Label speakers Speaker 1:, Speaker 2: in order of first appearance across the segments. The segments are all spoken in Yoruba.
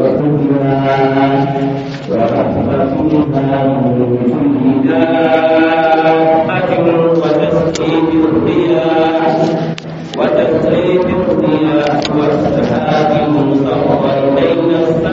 Speaker 1: وكلها وأخبرتها من كل الرياح والسحاب المسخر بين السماء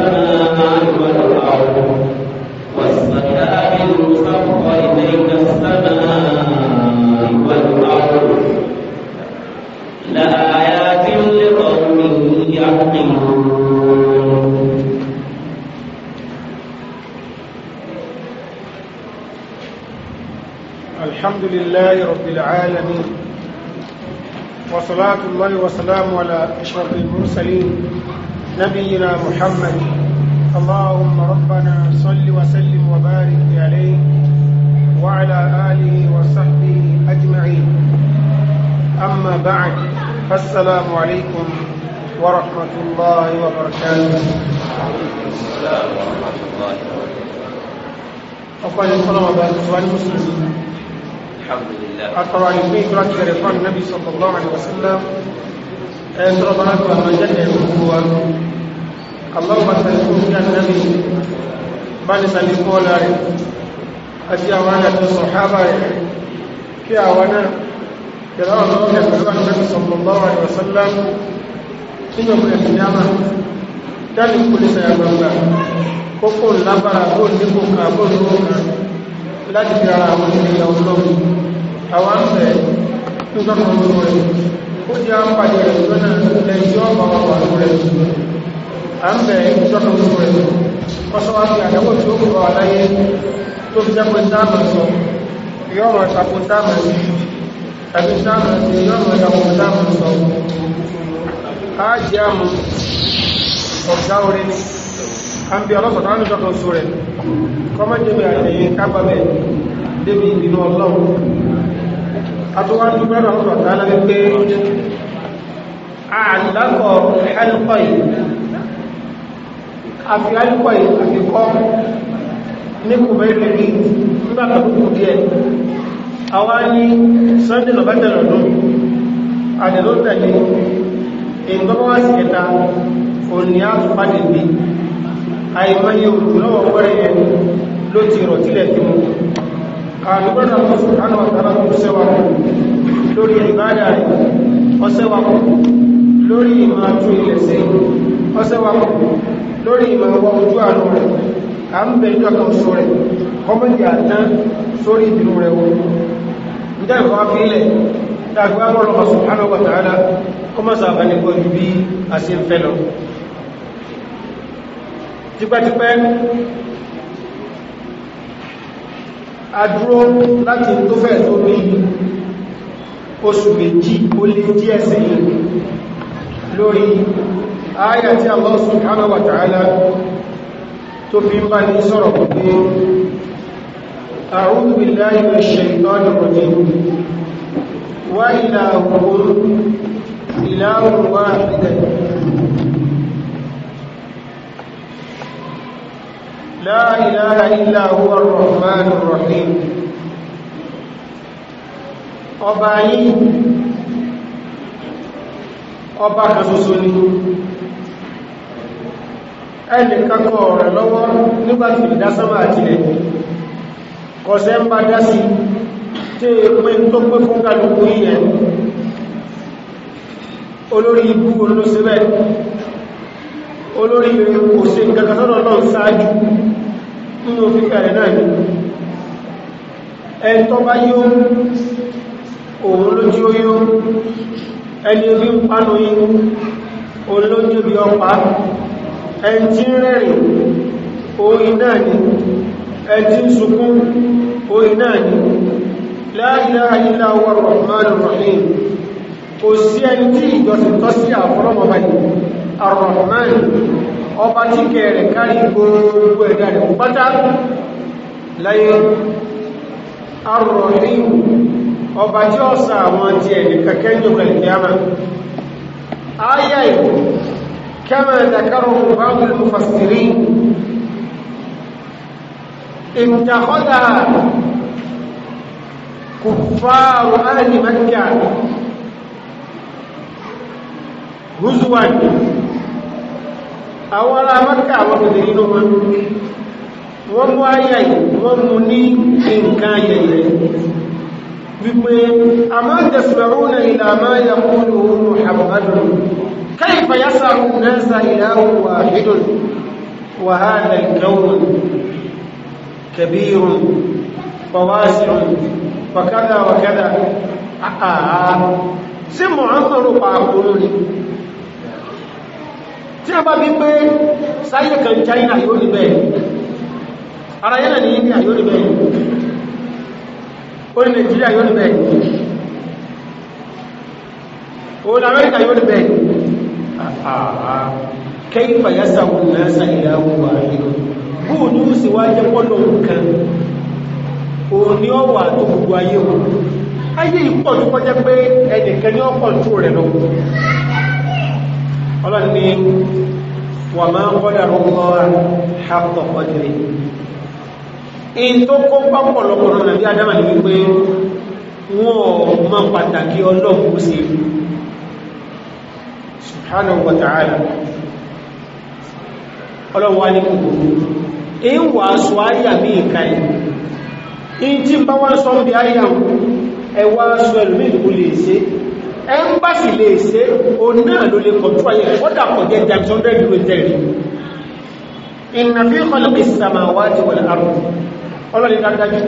Speaker 2: العالمين وصلاة الله وسلام على أشرف المرسلين نبينا محمد اللهم ربنا صل وسلم وبارك عليه وعلى آله وصحبه أجمعين أما بعد فالسلام عليكم ورحمة
Speaker 1: الله وبركاته وعليكم السلام ورحمة الله وبركاته
Speaker 2: أقول لكم الله وبركاته
Speaker 1: الحمد لله أطلع يسمي قرأت كريفان النبي صلى الله عليه وسلم
Speaker 2: أن ربنا وما جنة هو اللهم سلسلنا النبي ما نسألك ولا أتي أوانا الصحابة كي أوانا كلام الله كريفان النبي صلى الله عليه وسلم nínú ọ̀pọ̀ ìyàmà dáni kò lè sàyàgbàgbà kókò lábára kó nígbò kan kó nígbò kan láti fi ara àwọn ènìyàn ọlọ́run àwọn àmì tó gbọ́nà ọmọ rẹ̀ ó jẹ́ àwọn pàdé rẹ̀ lọ́nà lẹ́yìn ọba ọmọ rẹ̀ àmì ìjọ́nà ọmọ rẹ̀ ọsọ́wá fi àdáwò tí ó kọ̀ aláyé tó fi jẹ́pẹ́ dáàmà sọ yọ́rọ̀ ìsàkó dáàmà sí tàbí dáàmà sí yọ́rọ̀ ìsàkó dáàmà sọ á jẹ́ àmù ọ̀gá orin ni àmì ọlọ́pàá tó kọmọ́jẹ́mì àtẹ̀yìn kábàbẹ̀ débi ìbínú ọlọ́run àtúwájú bẹ́rẹ̀ ọ̀sọ̀ tààlà wípé àlákọ̀ ẹlùkọ̀ yìí àfi ẹlùkọ̀ yìí àfi kọ́ ní kùbẹ̀rẹ̀ rí nígbàtà kùkù díẹ̀ àwa ní sunday november ọdún àdìlótẹ̀lẹ̀ ìgbọ́gbọ́wá sí ẹ̀ta òní àtúpàdé bíi àìmọye òjòlọ́wọ̀ wẹ́rẹ̀ yẹn ló ti rọ̀ tílẹ̀ tí mú àlùbọ́nà tó sùkánà ọ̀tàrà tó sẹ́wàkù lórí ìbádà rẹ̀ ọsẹ́wàkù lórí ìmọ̀ àjú ilẹ̀sẹ̀ ọsẹ́wàkù lórí ìmọ̀ ọwọ́ ojú àánú rẹ̀ à ń bẹ ìjọ kan sọ rẹ̀ kọ́mọ̀dì àtán sórí ìbínú rẹ̀ wọ́n ìdá ìfọ́ afílẹ̀ dàgbà mọ́lọ́mọ̀ sùkánà ọ̀tàrà kọ́mọ̀sà àbánikọ́ ju bí a ṣe ń fẹ́ lọ tipẹ́tipẹ́ adúró láti tó fẹ́ tó bí oṣù méjì ó lé díẹ̀ sẹ́yìn lórí ayà tí Allah subhanahu wa ta'ala tó fi ń bá ní sọ̀rọ̀ pé a'udhu billahi minash shaitani rajim wa ilahukum ilahun wahidah لا إله إلا هو الرحمن الرحيم ọba yìí ọba kan ni ẹni kankan ọ̀rẹ̀ lọ́wọ́ nígbàtí ìdásánmà àtìlẹ̀ kọ̀sẹ̀ ń bá dá sí tí èpé tó pé fún kàlùkù olórí ibú olóṣẹ́bẹ̀ olórí òṣèǹkàkàtọ́nà náà sáájú nínú fíkà rẹ̀ náà ni ẹni tó bá yóò òun lójú ó yóò ẹni orí ń pánu yìí òun lójú bí ọpa ẹni tí rẹ̀rìn orí náà ni ẹni tí ń orí náà ni la ilaha illa huwa ar kò sí ẹni tí ìjọsìn ọba tí kẹrẹ̀ kárí gbogbo ẹ̀dà rẹ̀ pátá láyé arọ̀ríhù ọba tí ó sa àwọn ti ẹ̀dẹ̀ kẹkẹ́ jọkàlìkìyàmà ayá ìwò kẹmẹ̀ ẹ̀dàkárọ̀ àwọn ará mọ́ká àwọn obìnrin ló mọ́ wọ́n mú ayà wọ́n mú ní nǹkan ayẹyẹ wípé a máa tẹ̀sìmọ̀rún náà ilẹ̀ àmá yàkúrò ohun àbúgbàdùn كيف يسع الناس إله واحد وهذا الكون tí a bá bí pé sáyé kan China yóò rí bẹ́ẹ̀ ara yẹ́nà ní India yóò rí bẹ́ẹ̀ orí Nigeria yóò rí bẹ́ẹ̀ orí America yóò rí bẹ́ẹ̀ kẹ́yìnfà yá sàwọn lẹ́sà ìlàwó wà nínú bóò ní ó sì wá jẹ́ pọ́lọ̀ nǹkan o ní ọ wà tó gbogbo ayé wọn ayé ìpọ̀ tó kọjá pé ẹnìkan ní ọ̀pọ̀ tó rẹ̀ lọ ọlọ́run ni wà máa ń kọ́dà ọmọ àpọ̀ ọdún in tó kó pápọ̀ lọ́pọ̀lọ́ nàbí adama ni wípé wọ́n mọ́ pàtàkì ọlọ́pù sí subhanahu wa ta'ala ẹmbásì lè ṣe le ló lè kọ̀tún ayé kọ́dà kọ̀jẹ́ james hundred ló tẹ̀lé ìnà fi kọlọ́pì sàmàwá ti wọlé àrùn ọlọ́lẹ̀ dájú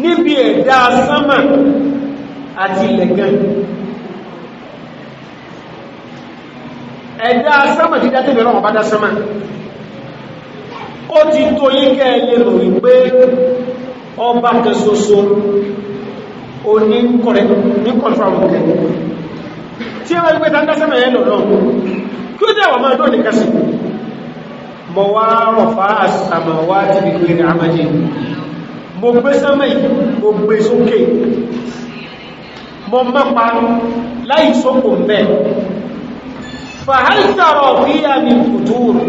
Speaker 2: níbi ẹ̀dá sánmà àti ilẹ̀gán ẹ̀dá sánmà sánmà ó ti tó lè rò wípé ọba o ní kọ̀rẹ̀ ní kọ̀lfàmù kẹ tí a wáyé pé tàbí sẹ́mẹ̀ yẹn lọ́nà kí ó jẹ́ àwọn ọmọ ẹ̀dọ́ nìkan sí mọ̀ wá rọ̀fà àmọ̀wá ti bí kúrẹ́ ní àmájì mo gbé sẹ́mẹ̀ mo gbé sókè mo mọ́pa láì sókò mẹ́ fàhálítàrọ̀ fi àmì fùtúrù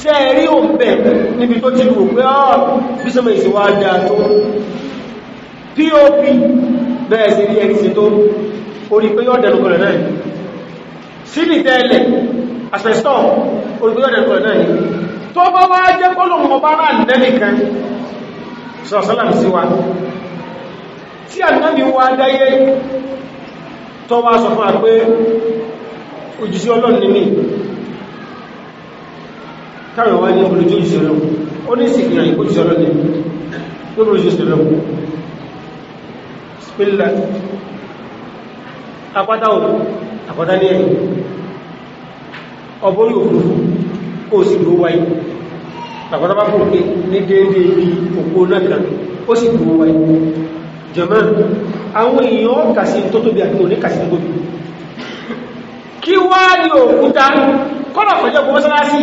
Speaker 2: ṣe rí òǹbẹ̀ níbi tó ti rò pé ọ́ ah, bí sẹ́mẹ̀ ìsìwádà tó pop bẹ́ẹ̀ sí rí ẹ̀rí sí tó orí pé yọ́ dẹ̀lùkọ̀lẹ̀ náà sílì tẹ́ẹ̀lẹ̀ asbestos orí pé yọ́ dẹ̀lùkọ̀lẹ̀ náà tó bá wá jẹ́ kọ́lọ̀mọ̀ bá rà nẹ́nìkan sọ̀sọ́làm sí wa tí ànábì wá dáyé tó wá sọ fún àpé òjìsí ọlọ́run ní mi káàrọ̀ wá ní ó ní ìsìnkìyàn ìkójìsí ọlọ́run ní mi ló pílá apáta òkú àpáta ní ẹ̀yìn ọbórí òkú kò sì ló wáyé àpáta bá fòkè ní déédé ibi òkú náà ó sì ló wáyé jẹ̀mọ́ àwọn èèyàn kàsí tó tóbi àti òní kàsí tó tóbi kí wá ní òkúta kọ́lọ̀ fẹ́jọ́ gbọ́mọ́sánásí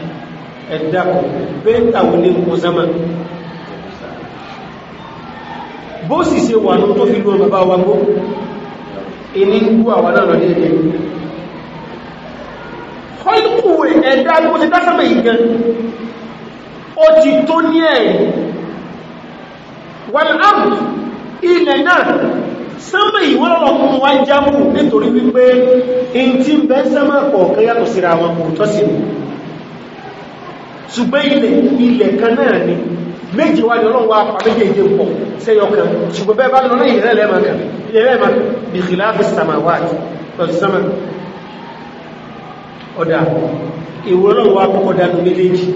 Speaker 2: ẹ̀dàkùn pẹ́ntà wọlé nǹkan zama bó sì ṣe wà ní tó fi lọ bàbá wa gbó iní gbú àwà náà lọ nílé ọlùkùwẹ̀ ẹ̀dà gbó ti dásàmẹ̀ ìgan ó ti tó ní ẹ̀ ilẹ̀ náà wá nítorí wípé in ti bẹ́ yàtọ̀ wọn kò tọ́sí ṣùgbọ́n ilẹ̀ ilẹ̀ kan náà ni méjì wá ní ọlọ́run wá pa méjèèjì pọ̀ sẹ́yọ kan ṣùgbọ́n bẹ́ẹ̀ bá lọ náà ìrẹ́ lẹ́mọ̀ kan ilẹ̀ lẹ́mọ̀ bí kìláàfì samawati lọ́sí sama ọ̀dà ìwò ọlọ́run wá kọ́kọ́ dánú méjèèjì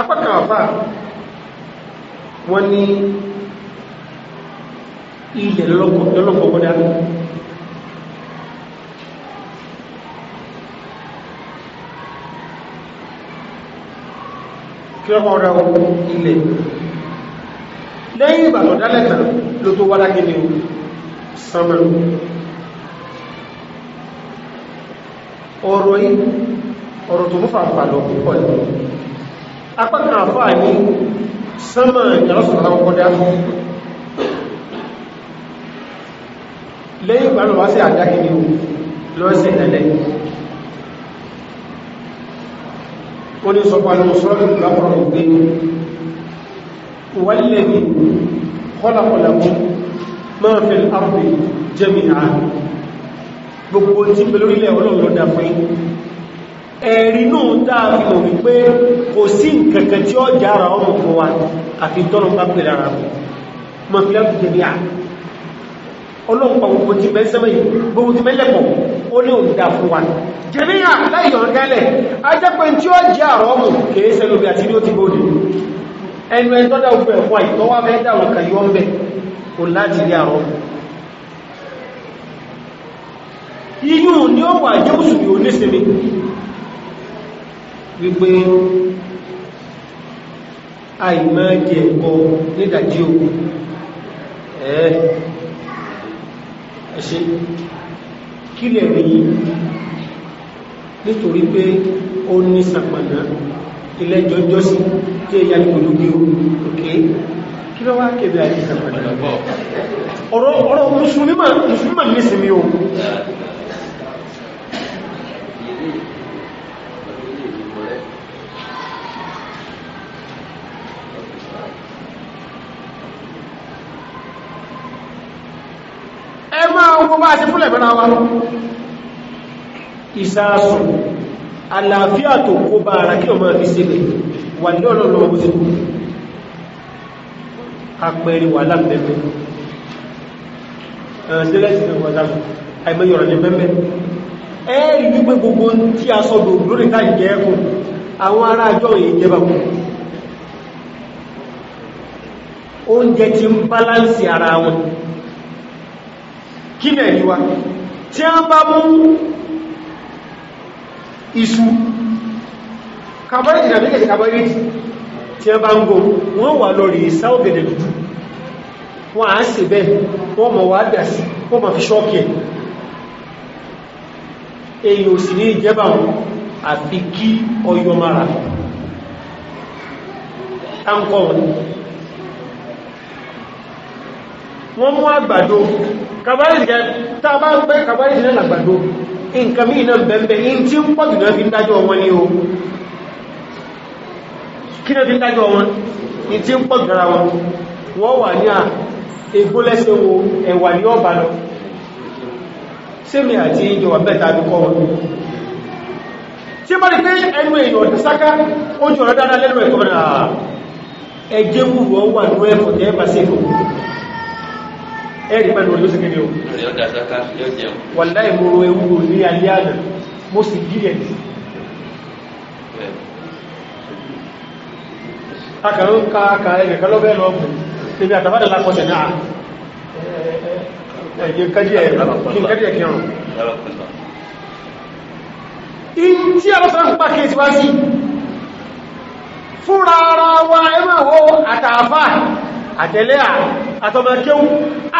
Speaker 2: apákan àfà wọ́n ni ilẹ̀ lọ́lọ́pọ̀ kọ́dá kí ọkọ̀ ọ̀rọ̀ ilẹ̀
Speaker 1: lẹ́yìn ìbàtọ̀ dálẹ́ta
Speaker 2: ló tó wá lágídé sánmà ọ̀rọ̀ yìí ọ̀rọ̀ tó mú fàfà lọ púpọ̀ ní apákan àfáà ní sánmà ìjọ́sọ̀rọ̀ kọ́dá lẹ́yìn ìgbà náà wá sí àdákìní lọ́sẹ̀ tẹ́lẹ̀ ó ní sọ pàlú sọ́rọ̀ ìgbàkọ̀rọ̀ ìgbé wọ́lẹ̀bí kọ́lọ̀kọ̀lọ̀kọ́ máa fi àpì jẹ́mì àà gbogbo tí pẹ̀lórílẹ̀ ọlọ́lọ́dà fún ẹ̀rí náà dáa fi mọ̀ wípé kò sí nǹkankan ọlọ́pàá gbogbo ti bẹ́ sẹ́mẹ̀ yìí gbogbo ti mẹ́lẹ̀pọ̀ ó ní òǹdà fún wa jẹ́míyà láìyàn gẹ́lẹ̀ ajẹ́pẹ́ tí ó jẹ́ àrọ́ mù kèé sẹ́lóbi àti ní ó ti bóde ẹnu ẹ̀tọ́dà ogun ẹ̀fọ́ àìtọ́wà mẹ́dà wọn kà ni ó wà
Speaker 1: ẹ̀kọ́
Speaker 2: ẹ̀ṣẹ́ kí lè rí nítorí pé ó ní sàpàdà ilẹ́jọ́ jọ́sí tí èyà ìgbòdó bí o òkè kí lọ wá kébẹ̀ àti sàpàdà
Speaker 1: ọ̀rọ̀ mùsùlùmí mà ní sinmi o
Speaker 2: ti múlẹ̀ bẹ́ra wa lọ
Speaker 1: ìsáàsùn
Speaker 2: àlàáfíà tó kó bá ara kí o máa fi sílẹ̀ wà ní ọlọ́lọ́ ọgbọ́sí apẹ̀rẹ̀ wà lábẹ̀bẹ̀ ẹ̀ẹ́rì wípé gbogbo tí a sọ́dọ̀ oúnjẹ ti ń báláǹsì ara wọn kí nẹ̀ rí wa tí a bá mú
Speaker 1: iṣu kàbáyìí tàbí kẹsì kàbáyìí
Speaker 2: tí a bá ń go wọ́n wà lórí sáwọ̀gẹ̀dẹ̀ dúdú wọ́n á sì bẹ́ wọ́n mọ̀ wá dà sí wọ́n mọ̀ fi ṣọ́kẹ̀ èyí ò sì ní ìjẹba wọn àfi kí ọyọ mara táǹkọ̀ wọn wọ́n mú àgbàdo kàbáyìí gẹ́ tàbá ń pẹ́ kàbáyìí náà àgbàdo nǹkan mí náà bẹ̀m̀bẹ̀ in tí ń pọ̀jù náà fi ń dájọ́ wọn ní o kí náà fi ń dájọ́ wọn in tí ń pọ̀jù náà wọn wọ́n wà ní à egbólẹ́sẹ̀ wo ẹ̀wà ní ọba lọ sẹ́mi àti ìjọba bẹ́ta bí kọ́ wọn tí bá rí pé ẹnu èèyàn ọ̀dún sáká ó jù ọ̀rọ̀ lẹ́nu ẹ̀kọ́ náà ẹjẹ́ wùwọ́ wà ní ẹ̀kọ́ tẹ́ẹ̀bà sí ìfòkù ẹ̀rì pẹ̀lú orí ó sì gẹ́gẹ́
Speaker 1: o wàlá ìmòrò
Speaker 2: ewúro ní alẹ́ àná mo sì gílẹ̀ ní
Speaker 1: akàrún káàkà ẹgbẹ̀ kọlọ́bẹ̀
Speaker 2: lọ mú ibi àtàbádà lápọ̀tẹ̀ náà
Speaker 1: ẹ̀yẹ kájíẹ̀ kírùn
Speaker 2: in tí a lọ́sọ̀rọ̀ ń pàkíyèsí wá sí fúnra ara wa ẹmọ̀ àtàfà àtẹ́lẹ́ àtọmọkéwú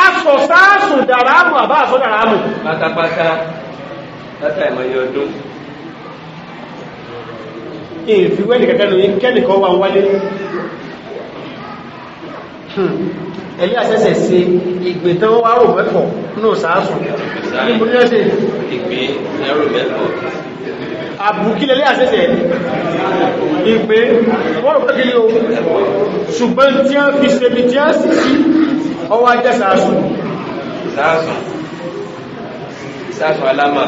Speaker 2: aṣọ sáàsùn dàrámù àbá àṣọ dàrámù
Speaker 1: pátápátá látà ìmọ̀yẹ ọdún
Speaker 2: ìfìwẹ́lì kẹkẹ́lú kẹ́nìkan wà wálé
Speaker 1: hmm. ẹ̀lẹ́ àṣẹ́sẹ̀ sí ìgbè tán wá rò mẹ́fọ̀
Speaker 2: ní òsàásùn ní múlẹ́sẹ̀
Speaker 1: ìgbè ẹ̀rọ mẹ́fọ̀
Speaker 2: àbùkílẹ̀lẹ́ àṣẹ́sẹ̀ ìpé wọ́n pẹ́ kìí o ṣùgbọ́n tí a fi ṣe bí tí a sì sí ọwọ́ ajẹ́ sàásùn
Speaker 1: sàásùn sàásùn alámà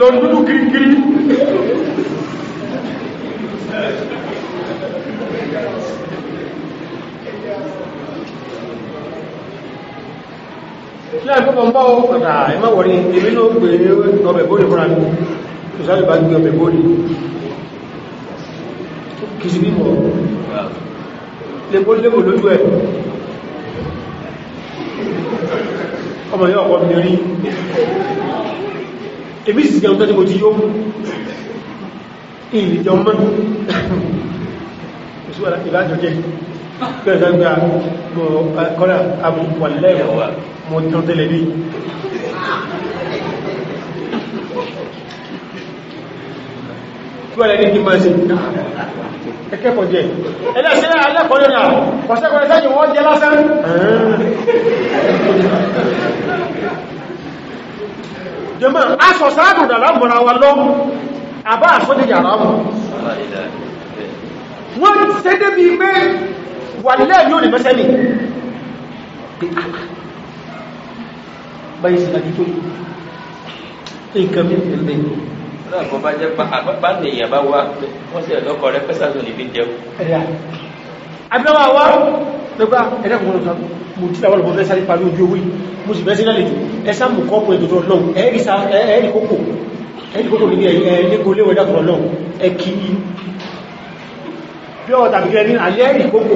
Speaker 2: lọ dúdú kìrìkìrì láì púpọ̀ ń bá ọ padà ẹmọ́ wọ̀rí èmi ló gbé ọbẹ̀ bóòlì fúnra mi tó sáré bá gbé ọbẹ̀ bóòlì kì sí bímọ̀ lébólébò lójú ẹ̀ ọmọ yóò ọkọ̀ mi rí èmi sì jẹun tọ́jú mo ti yóò ìlì jẹun mọ́ ìsúwà ìlàjọ jẹ́ kí ẹ̀sán gbà mọ̀ kọ́lá àbúkwà lẹ́wàá mo tán tẹ́lẹ̀ rí
Speaker 1: tíwẹ̀lẹ̀ ní kí máa ṣe
Speaker 2: ẹkẹ́kọ̀ọ́ jẹ́ ẹlẹ́sẹ̀ alẹ́kọ̀ọ́lẹ́ náà pọ̀sẹ́kọ̀ọ́lẹ́ sẹ́yìn wọ́n jẹ́ lásán jẹmọ́ aṣọ sáàdùdà lámọ́ra wa lọ àbá àṣọ́dẹ̀yà rámù wọ́n tẹ́dẹ́ bí pé wà nílẹ̀ yóò ní mẹ́sẹ́lì báyìí sí lájú tó nǹkan mi ìpínlẹ̀ láàbọ̀ bá jẹ́ bá ní èèyàn bá wá wọ́n sì ẹ̀dọ́kọ̀ rẹ pẹ́sàtò níbi jẹun ẹ̀yà abẹ́wà wá lọ́gbà ẹ̀dẹ́kùnrin kan mo tí àwọn ọmọdé sáré parí ojú owó mo sì bẹ́ẹ̀ sí lálejò ẹ̀sà mú kọ́pù ẹ̀dọ̀dọ̀ náà ẹ̀ẹ́rì kókò ẹ̀ẹ́rì kókò níbi ẹ̀ẹ́lẹ́gbò léwọ̀ dàkùnrin náà ẹ̀kì pure water gẹ́rin àlẹ́rì kókò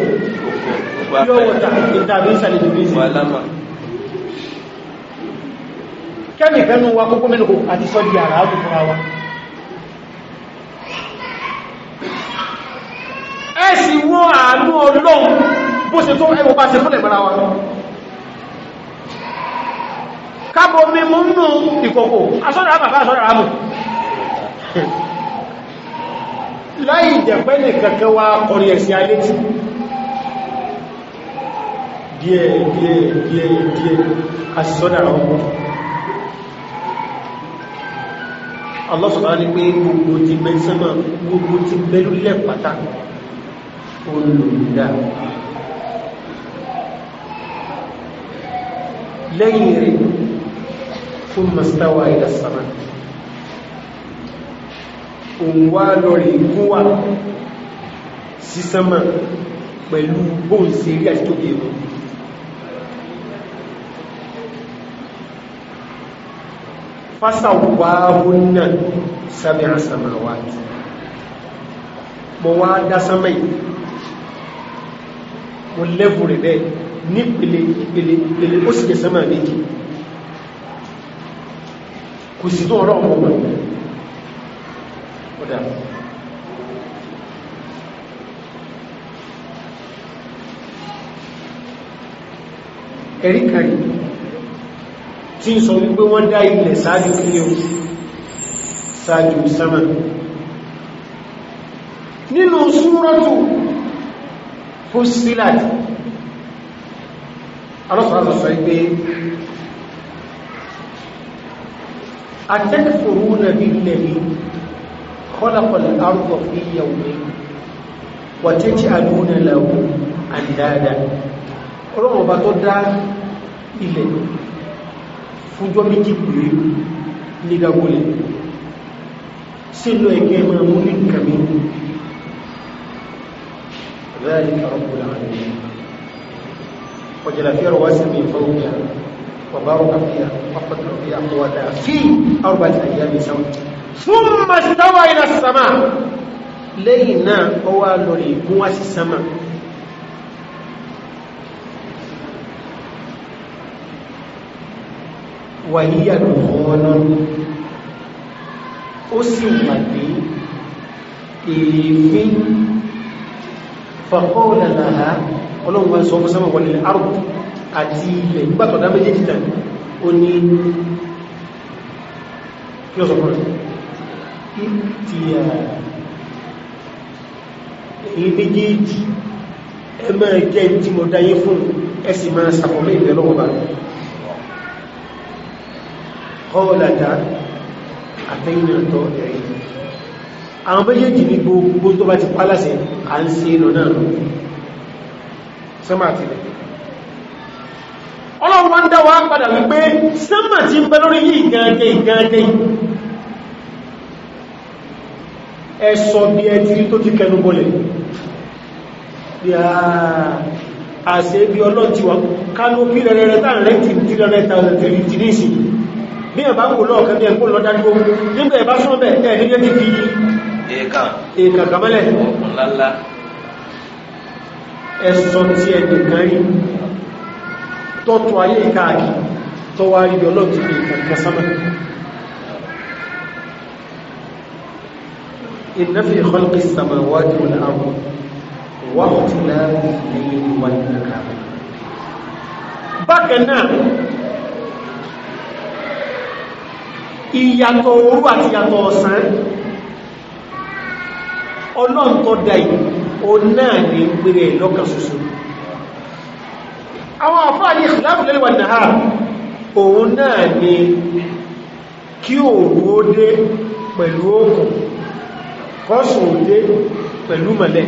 Speaker 1: pure water ìtàbí sàlẹ̀
Speaker 2: kẹ́mìkẹ́ nú wa kókó mẹ́lùkó àti sọ́dí ara ágùnkúnra wa ẹ̀sì wọ́n àánú ọlọ́run bó ṣe tó ẹwọ bá ṣe fún ẹ̀gbẹ̀rẹ̀ wa kábọ̀ mímú nù ìkòkò asọ́dá bàbá asọ́dá rámù
Speaker 1: láì ìjẹ̀pẹ́ ní kẹ́kẹ́
Speaker 2: wa Allah subhanahu ní pé gbogbo ti bẹ sánmà gbogbo ti bẹ lórílẹ̀ pátá olùdá lẹ́yìn rẹ̀ fún mastawa ila sama òun wá lọ́rẹ̀ ikú wà sí sánmà pẹ̀lú bóòsì rí àti tóbi ẹ̀wọ̀n fásàwáhúnnà sábẹ̀ àsàmàwàtí mọ̀ wá dásámẹ́ mo lẹ́bù rẹ̀ bẹ́ẹ̀ ní ìpele ìpele ìpele ó sì kẹsàmà méjì kò sí tó ọ̀rọ̀ ọmọ wọn ọ̀dá ẹ̀rí tí ń sọ wípé wọ́n dá ilẹ̀ sáájú kílé o sáájú sámà nínú súnrọ́tù fúsílàt alọ́sọ̀rọ̀ sọ wípé atẹ́kùrú nàbí lẹ́bí kọ́lápọ̀lẹ̀ arúgbọ̀ fi yàwó wàtẹ́tí àdúnà lẹ́wọ́ àndáadáa ọlọ́run ọba tó dá fújọ́ méjì pèrè nígbàgbólẹ̀ sílò ẹgbẹ́ ẹmọ mú ní kàmí ذلك رب العالمين وجل في رواسي من فوقها وبارك فيها وقدر فيها قوتها في أربعة أيام سواء ثم استوى إلى السماء لينا هو لريكم السماء wàhíyà ló ọ̀nà ó sì mà pé èmi fàkọ́ọ̀nà náà ọlọ́run wọn sọ ọmọ sọ́mọ̀ wọn ilẹ̀ arùn àti ilẹ̀ nígbàtọ̀dá méjèèjì tàn ó ní kí ọ sọ̀rọ̀ ìtì èyí méjèèjì ẹ máa jẹ́ tí mo dáyé fún ẹ sì kọ́ọ̀lẹ̀dá àtẹ́yìnà tọ́ ẹ̀yìn àwọn méjèèjì ní gbogbo tó bá ti pálásẹ̀ à ń se lọ náà lọ sẹ́mà ti lẹ̀ ọlọ́run wọ́n dá wa padà wípé sẹ́mà ti ń bẹ lórí yìí gánjẹ ìgánjẹ ẹ̀sọ̀ bí ẹ ti rí tó ti kẹnu bọ́lẹ̀ bí a àṣẹ bí ọlọ́tiwà kálópí rẹ̀rẹ̀ tààrẹ́ ti rẹ̀rẹ̀ tààrẹ́ ti rí bí ẹ̀bá ń wò lọ́ọ̀kan bí ẹ̀kún lọ́dá gbó nígbà ẹ̀bá sún bẹ̀ ẹ̀ nígbà ti fi èèkàn kàmẹ́lẹ̀ ẹ̀sọ̀ tí ẹ̀dùn kan rí tọ́tù ayé ìkáàkì tó wá rí ọlọ́tí ìkàkàsámà inna ìyàtọ̀ òru àti ìyàtọ̀ ọ̀sán ọlọ́n tó dáì o náà ní pèrè lọ́kà ṣoṣo àwọn àfáà ní ìsìláàmù lẹ́lẹ́wà náà òun náà ní kí òru ó dé pẹ̀lú òkùn kọ́sùn ó dé pẹ̀lú mọ̀lẹ́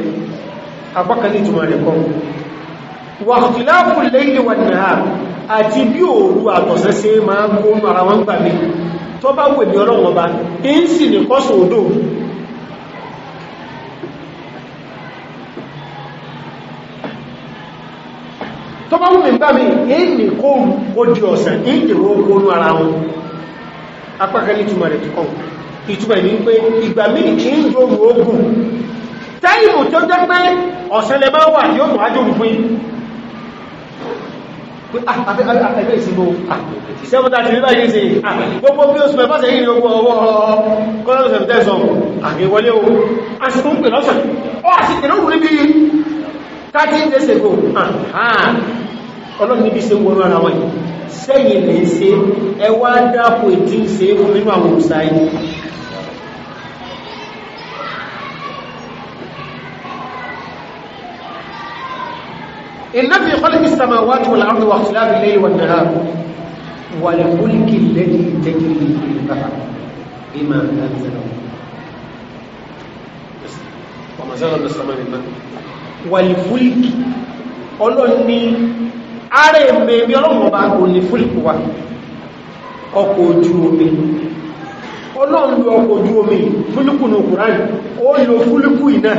Speaker 2: apákan ní rẹ̀ kọ́ àti bí òru àtọ̀sẹ́ sí máa ń gún ara wọn gbà mí tó bá wè ní ọlọ́run ọba ń sì ní kọ́sùn odò tó bá wùmí gbà mí ń ní kóòrù ó di ọ̀sẹ̀ ń dèrò ogun ara wọn apákan ní ìtumọ̀ rẹ̀ ti kọ́ ìtumọ̀ ní pé ìgbà mí kí ń dòrò ogun tẹ́yìmù àtẹ́gbẹ́ ìsinmi ìṣẹ́mọ́ta ti rí báyìí sí ah, gbogbo bí ó sùn mẹ́fà sẹ́yìn ìyókù ọwọ́ kọ́lọ́sẹ̀ tẹ́sàn àgbẹ̀wọlé ah, o a sì tún pè lọ́sàn ó a sì pèrò rí bí 13 days ago ah, ọlọ́run níbi ṣe wọ́n ara wọ́n sẹ́yìn lè ṣe ẹwà dápò ìdí ṣe fún nínú àwọn òṣàyìn إن في خلق السماوات والأرض واختلاف الليل والنهار والفلك الذي تجري في البحر بما أنزل
Speaker 1: وما زال من السماء من ماء
Speaker 2: والفلك Ọlọ́run ni ara ẹ̀mẹ́ ẹ̀mẹ́ Ọlọ́run ọba kò ní fúlìkù wa ọkọ̀ ojú omi Ọlọ́run lo ọkọ̀ ojú omi fúlìkù ní Kùránì ó lo fúlìkù iná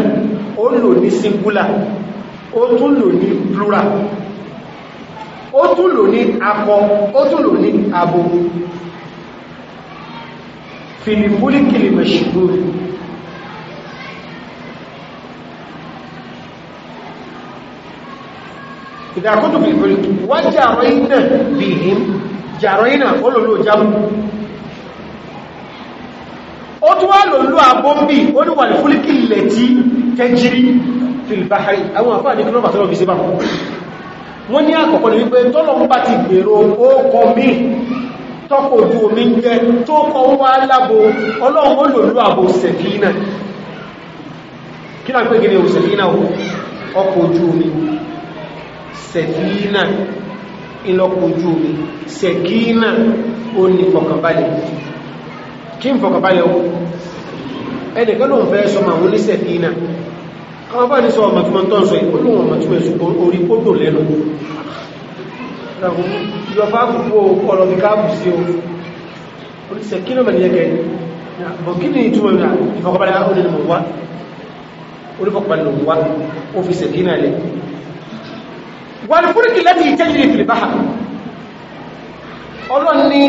Speaker 2: ó lò ní singular ó tún lò ní plural ó tún lò ní akọ ó tún lò ní abo fìlìfúlìkìlì mẹ̀ṣùgbòrò ìdàkótò fìlìfúlìkì wá jàrọ iná bí i jàrọ iná olóòlò jámù ó tún wá lò lò abó ń bí ó ní wà ní fúlìkìlì lẹ̀ tí kẹjírí filibahari àwọn àpá ní kílọ́mà tọ́lọ̀ fi sí bá wọ́n ní àkọ́kọ́ ní wípé tọ́lọ̀ bá ti gbèrò ókọ mí tọ́kọ̀ ojú omi ń jẹ́ tó kọ wá lábo ọlọ́run ó lòlú àbò sẹ̀fínà kí náà pé gẹ́gẹ́ sẹ̀fínà ọkọ̀ ojú ẹnìkan ló ń fẹ́ sọmọ àwọn oníṣẹ̀fínà àwọn bá ní sọ ọmọtúnmọ̀ tó ń sọ ìpolówó ọmọtúnmọ̀ ìṣùgbọ́n orí kódò lẹ́nu ìjọba àkùkù ọ̀rọ̀ ní káàbù sí o oríṣẹ́ kí lọ́mọ̀ ní ẹgẹ́ bọ̀ kí ni ìtumọ̀ ìfọkọbalẹ̀ olùmọ̀wá orífọkọbalẹ̀ olùmọ̀wá ó fi ṣẹ̀ kí náà lẹ̀ wà ní fúrúkì láti ìtẹ́jìrì fìlìbáhà ọlọ́ni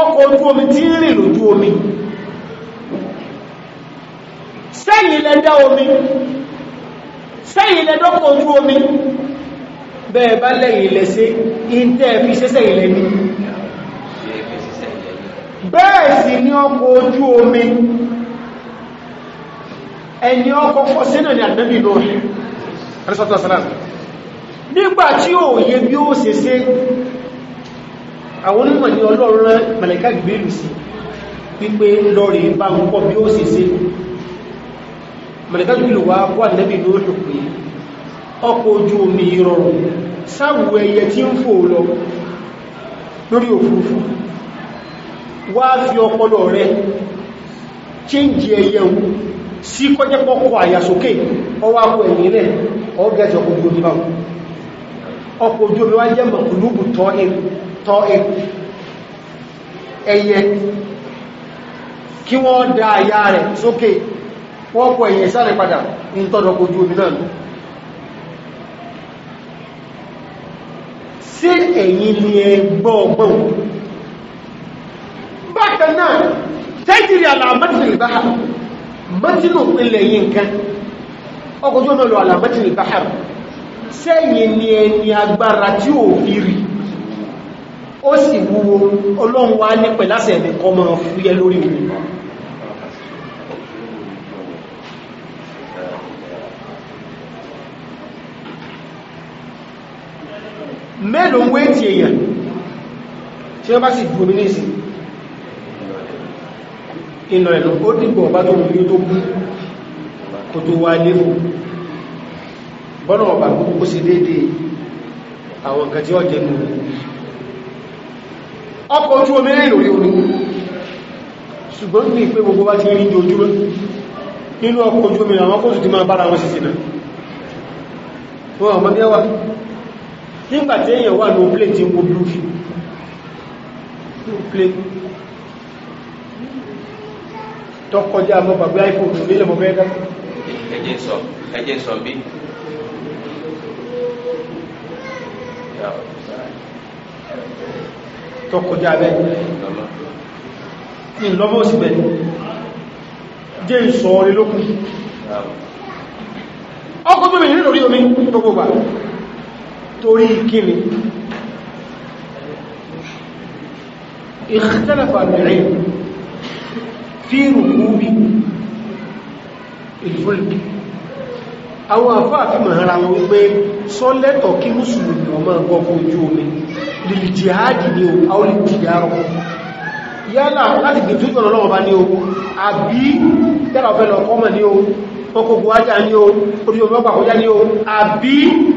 Speaker 2: ọkọ̀ ojú omi tí ń rìn lójú omi sẹ́yìn lẹ́dá omi sẹ́yìn lẹ́dọ́kọ̀ ojú omi bẹ́ẹ̀ bá lẹ́yìn lẹ́sẹ́ ìntẹ́ fi sẹ́sẹ́ ìlẹ́ni bẹ́ẹ̀ sì ní ọkọ̀ ojú omi ẹni ọkọ̀ pọ̀ sínú ni àdẹ́bì lórí nígbà tí pípé lọ́rẹ̀ bá ń pọ̀ bí ó ṣe ṣe mẹ́lẹ̀kájúlù wa wà nẹ́bì lóòṣù pé ọkọ̀ ojú omi rọrùn sáwù ẹyẹ tí ń fò lọ lórí òfúrufú wá fi ọpọlọ rẹ chíǹjì ẹyẹ wù sí kọjẹ́pọ̀kọ̀ àyàsókè ọwá kọ ẹ̀yìn rẹ̀ omi wọ́n kọ èyàn ìsàlẹ̀ padà ní tọ́dọ̀ kojú omi náà sí ẹ̀yìn ni ẹ ọgbọ́n bákan náà tẹ́jìrì alàmọ́tìrì báhà mọ́tìrì ilẹ̀ yìí nǹkan ọkọ̀ tó lọ́lọ́ alàmọ́tìrì báhà sẹ́yìn ni ẹni agbára tí ò fi rí ó sì wúwo ọlọ́run wá ní mélòó ń wéètì èèyàn tí wọ́n bá sì dúró ní ìsìn ìnà ẹ̀lọ ó dìgbò ọba tó rí tó kú kò tó wá lé fún bọ́nà ọba kó sí dédé àwọn nǹkan tí ó jẹ mú ọkọ̀ ojú omi rí lórí omi ṣùgbọ́n ní pé gbogbo bá ti rí ní ojúmọ́ nínú ọkọ̀ ojú omi àwọn kó nígbàtí èyàn wà ní plé tí ó blú plé tó kọjá mọ́ bàbá iphone nílẹ̀ mọ́ bẹ́ẹ̀dá
Speaker 1: ẹjẹ́ sọ ẹjẹ́ sọ bí
Speaker 2: tó kọjá bẹ́ ní lọ́mọ́ sí bẹ̀ jẹ́ ìsọ̀ orí lókun ọkọ̀ tó bẹ̀rẹ̀ lórí omi gbogbo gbà torí kíni ìkìtẹ́lẹ̀fà mẹ́rin fi rùkúbí
Speaker 1: ìfúlùkì àwọn àfáàfí mọ̀hánra wọn
Speaker 2: wípé sọ́lẹ́tọ̀ kí mùsùlùmí ọmọ ọgbọ́kọ̀ ojú omi lìlì jihadi ni o àwọn ìdíyàrọ̀ yálà láti gbé tó ìgbọ̀nà lọ́wọ́ bá ní o àbí yálà ọ̀fẹ́ lọ kọ́mọ̀ ní o ọkọ̀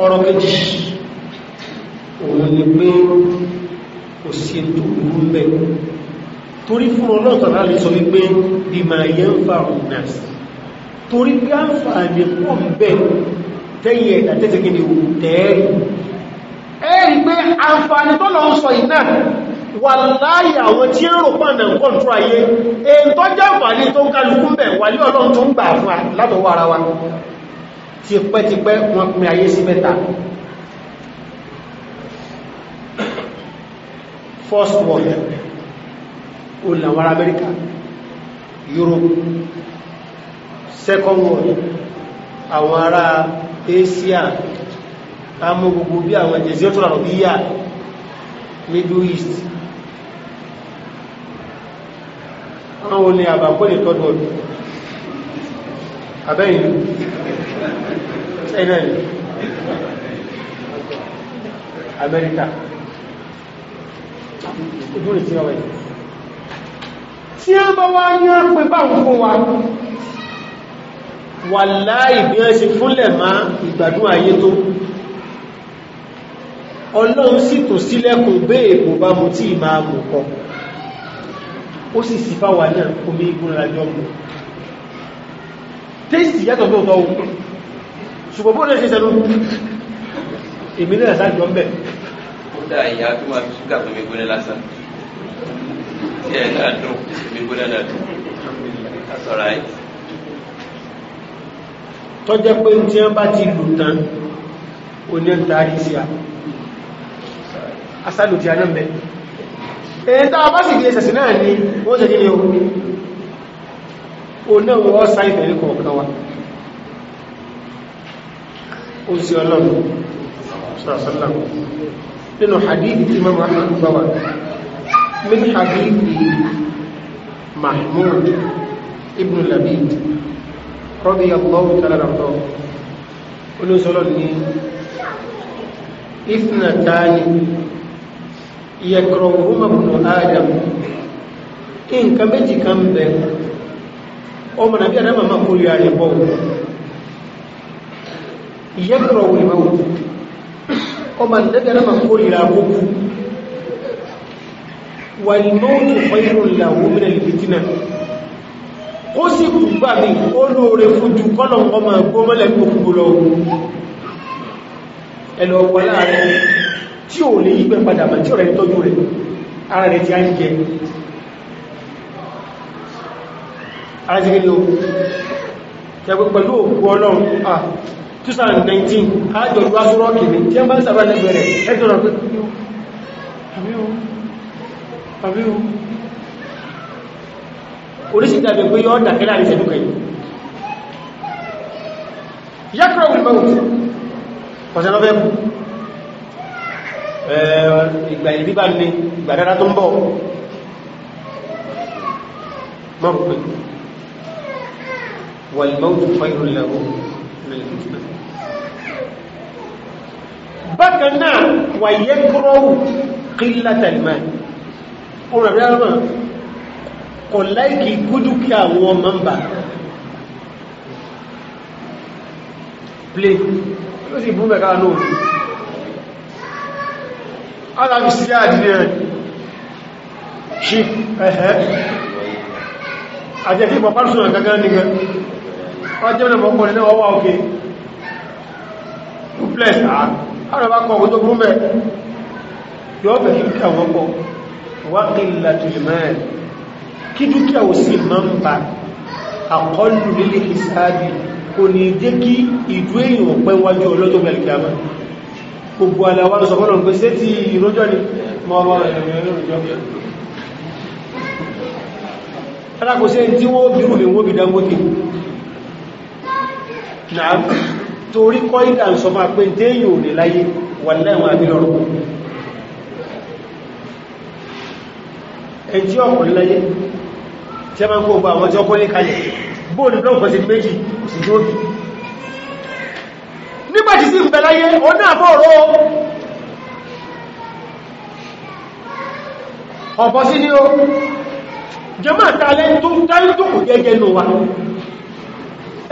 Speaker 2: ọ̀rọ̀ kejì òun ni pé kò sí ètò ìlú mẹ́ torí fún ọlọ́tọ̀lá lè sọ wípé bí ma yẹ ń fa òun náà torí bí àǹfààní pọ̀ bẹ́ tẹ́yẹ àtẹ́tẹ́kẹ́ ni ò tẹ́ẹ̀rì ẹ̀rí pé àǹfààní tó lọ ń sọ ìná wà láyé àwọn tí ń rò pàdà ń kọ̀ntú ayé èyí tó jẹ́ àǹfààní tó ń kálukú mẹ́ wà ní ọlọ́run tó ń gbà fún látọwọ́ ara wa ti pẹ́tipẹ́ wọn pín ayé sí mẹ́ta first world olùlàwọ̀ Amẹ́ríkà Europe second world àwọn ará Asia àmọ́ gbogbo bí àwọn jẹ̀sí tó rọ̀ bíyà Middle East àwọn olè àbàkọ́ lè tọ́dọ̀ abẹ́yìn ẹ̀nà ni amẹ́ríkà ojú rẹ̀ sí ọwẹ́ tí a bá wá ní ọ̀pẹ́ bá ń fún wa wà láì bí ẹ ṣe fúnlẹ̀ máa ìgbádùn ayé tó ọlọ́run sì tò sílẹ̀kùn gbé èkó bá mú tí máa mú kọ ó sì sì fáwà náà omi igun rájọ́ mú tẹ́sì yàtọ̀ tó tọ́wọ́ ṣùgbọ́n bó lè ṣe sẹ́nu èmi náà sájọ mẹ́
Speaker 1: ó dá ìyá pé tí wọ́n
Speaker 2: bá ti lù tán oní ń taari sí a asálù ti aná mẹ́ èyí tá bá sì di ẹsẹ̀sì náà ni wọ́n ṣe kí ni o náà wọ́n sáì tẹ̀lé wa ó sí ọlọ́run sàásánláwò nínú hadithi tí mọ́mọ́ àgbàwà min hadithi mahmud ibn labid rọ́bí yàgbọ́wò tàlàràtọ́ olóòsọ́lọ́ ní ìfìnàtàní yẹ̀kọ̀rọ̀húnmọ̀ bùnú adam nǹkan méjì kan bẹ̀ ọmọ nàbí àdámà máa kó yà rẹ̀ yẹ́kọ̀rọ̀ olùmọ̀wò ọmọ ìdẹ́gbẹ̀rẹ́ ma kó ìrà gbogbo wà ìmọ̀wò fẹ́rún làwó mìíràn ìfìtínà ó sì kù gbà mí ó lóore fojú kọ́lọ̀ ọmọ gbọ́mọ́lẹ̀ gbogbo lọ ẹ̀lọ ọ̀pọ̀ láàrin tí ò lè yí pẹ́padà mà ara rẹ̀ ti á pẹ̀lú òkú ọlọ́run 2019 àjọ̀lú asúrọ̀ kìí tí a bá ń sàbá lẹ́gbẹ̀rẹ̀ ẹ̀tọ́rọ̀ pé
Speaker 1: àbíhù orísìí
Speaker 2: tàbí pé yọ́ dàkẹ́ láàrin ìṣẹ́dùkẹ́ yìí yákọ̀ọ́ wùlmọ́wù pọ̀sẹ̀lọ́bẹ̀ ìgbà ìbíbá ní ìgbà dára tó ń bọ̀ mọ́ pẹ̀lú wàlmọ́wù fẹ́ ìrùlẹ̀wọ̀ bákan náà wà yẹ kúrọ́wù kílátàlìmá ọ̀rọ̀ rẹ̀ kò láìkì gúdùkì àwọn ọmọ ń bà play ló sì bú mẹ́ka náà
Speaker 1: alábi sí àdínà
Speaker 2: ṣe ẹ̀hẹ́ àti ẹ̀fẹ́ ọjọ́ ìrìnbọ̀ pọ̀ nílé ọwọ́ òkè duplex àwọn ọba kọ̀ ọgbọ́n gúnbẹ̀ yóò fẹ́ kí dúkìá wọ́n pọ̀ wákìlá tùlùmẹ́ẹ̀ kí dúkìá ò sì máa ń ba àkọlù lílé ìsáàbì kò ní jẹ́ kí ìdú èèyàn pẹ́ wájú ọlọ́jọ́ gbẹ̀lẹ̀gbẹ̀mọ́ gbogbo aláwọ̀ sọ fọ́nà pé sé ti ìrójọ́ ni mọ́ ọmọ ẹ̀rọ
Speaker 1: alákòóse tí wọ́n
Speaker 2: bírù ní wọ́n bí Dangote náà torí kọ́ ìdá ń sọ máa pé déyìn ò lè láyé wà lẹ́wọ̀n abílọ́rọ̀ ẹjí ọkùn láyé tí a máa ń gbogbo àwọn tí ọkùn lé kalẹ̀ bóòlù lọ́pọ̀ sí méjì kò sí tó bí nígbàtí sí ìbẹ̀ láyé o jẹ́mọ̀ àtàlẹ́ tó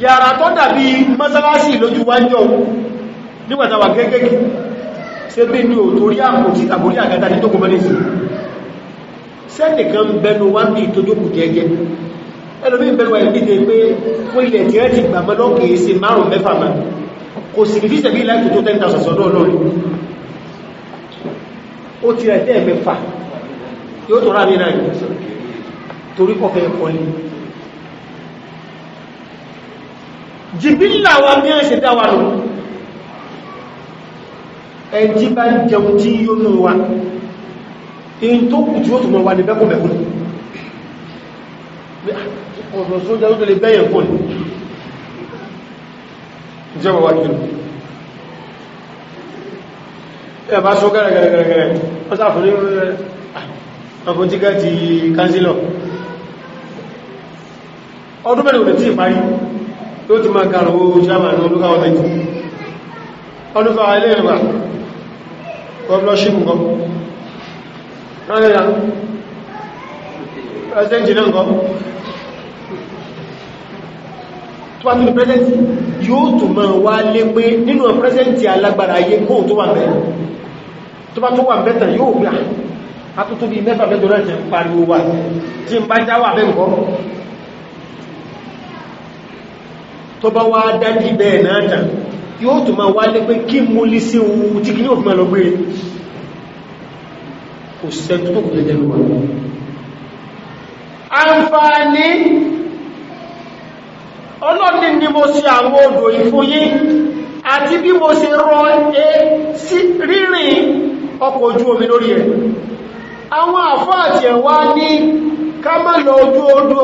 Speaker 2: yàrá tó dàbí mọ́sálásì lójú wájọ́ nígbàtàwà gẹ́gẹ́gẹ́ ṣe bí ní ò torí àpò sí àbúrí àgádá ní tókù mẹ́lẹ́sì sẹ́nìkan bẹnu wá ní ìtójókù jẹ́gẹ́ ẹlòmí bẹnu wà ìbí pé wọ́n ilẹ̀ tí ẹ́ ti gbà mọ́lọ́ kìí sí márùn mẹ́fà mẹ́ kò sì fi sẹ̀bí láìpù tó 10,000 sọ́dọ̀ lọ́rin ó ti rẹ̀ tẹ́ẹ̀mẹ́fà yóò tó rà ní náà torí kọfẹ́ ẹ̀kọ́ ni jìbìlà wa ní ẹ̀ṣẹ̀ dáwà lò ẹjí bá jẹun tí yíó mú wa in tó kù tí ó túnmọ̀ wa ní bẹ́kùnbẹ̀kùn ọ̀sọ̀ sójá ló tó lè bẹ́yẹ̀ fún jẹ́wọ̀ wá jùlọ ẹ bá sọ gẹ́rẹ̀gẹ́rẹ̀gẹ́rẹ̀ wọ́n sáfúrí ọkùn tíkẹ́ ti kánsílọ̀ ọdún mẹ́rin ò lè tí ì parí tó ti máa kàrò owó chairman local government ọdún fa ilé ìrìnwà gọ́ọ̀lọ́ṣìpù kan ránlẹ̀ ya president náà kan tó wá nínú president yóò tó máa wá lé pé nínú president alágbára ayé kó tó wà mẹ́rin tó bá tó wà mẹ́tàn yóò gbà á tó tó bí mẹ́fà tó bá wá dájú bẹ́ẹ̀ náà tàn yóò tó máa wálé pé kí mú lé sí ohun tí kí ní òfin lọ gbé e. kò sẹ́tù tó kò jẹ́ jẹ́nu wà àǹfààní ọlọ́dún ni mo ṣe àwọn odò ìfúyí àti bí mo ṣe rọ e sí rírìn ọkọ̀ ojú omi lórí ẹ̀ àwọn àfáàtì ẹ̀wá ní ká má lọ ojú odò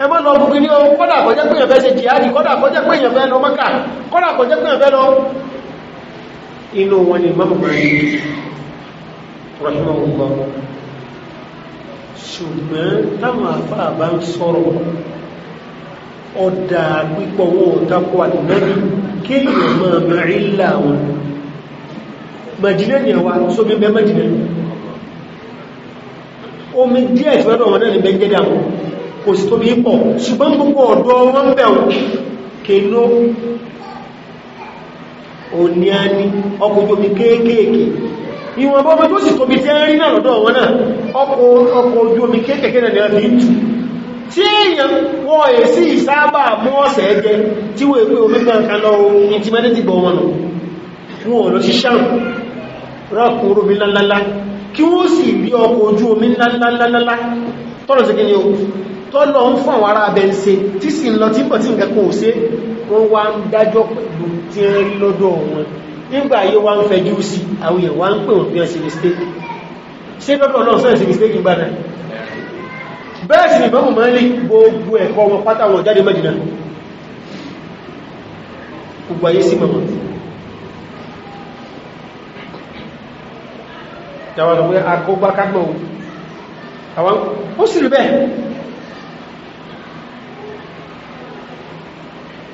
Speaker 2: ẹ má lọ gbogbo ní ọ kọ́dà kọjẹ́ pé èèyàn fẹ́ ṣe jihadi kọ́dà kọjẹ́ pé èèyàn fẹ́ lọ Mẹ́kà kọ́dà kọjẹ́ pé èèyàn fẹ́ lọ inú wọn ni mọ́mù Málíkì rahimahullah ṣùgbọ́n táwọn àfáà bá ń sọ̀rọ̀ ọ̀dà pípọ̀ wọn ò takọ àdínábì kí èèyàn máa mẹ́rin là wọn màjìlẹ̀ ni àwa sóbi bẹ́ màjìlẹ̀ omi àwọn kò sí tóbi pọ̀ ṣùgbọ́n gbogbo ọ̀dọ́ wọ́n bẹ̀rù kéno òní ẹni ọkùnjò bí kéékèèké ìwọ̀n bọ́ mẹ́jọ́ sì tóbi tí ẹ rí náà lọ́dọ̀ wọn náà ọkọ̀ ojú omi náà ni a fi ń tù tí èèyàn wọ èsì ìsáàbà mú ọ̀sẹ̀ ẹgbẹ́ tí wọ́n èpé omi kankan lọ ohun ti gbọ́ wọn nù wọn lọ sí sáàmù rákùn omi lálálá kí wọ́n sì rí ọkọ̀ ojú omi tọ́lọ ń fún àwọn ará abẹ́ ń ṣe tí sì ń lọ tí pọ̀ tí nǹkan kò ṣe wọ́n wá ń dájọ́ pẹ̀lú tí ń rí lọ́dọ̀ wọn nígbà ayé wá ń fẹjú sí àwọn wá ń pè wọ́n bí wọ́n ṣe mistake ṣé lọ́dọ̀ ọlọ́run sọ́rọ̀ ṣe mistake ń gbádà bẹ́ẹ̀ sì nìbọn mọ̀ lé gbogbo ẹ̀kọ́ wọn pátá wọn jáde Mẹ́dínà gbogbo ayé sí mọ̀mọ̀ dáwọn àwọn akọgbákágbọ̀n ó sì rí bẹ́ẹ̀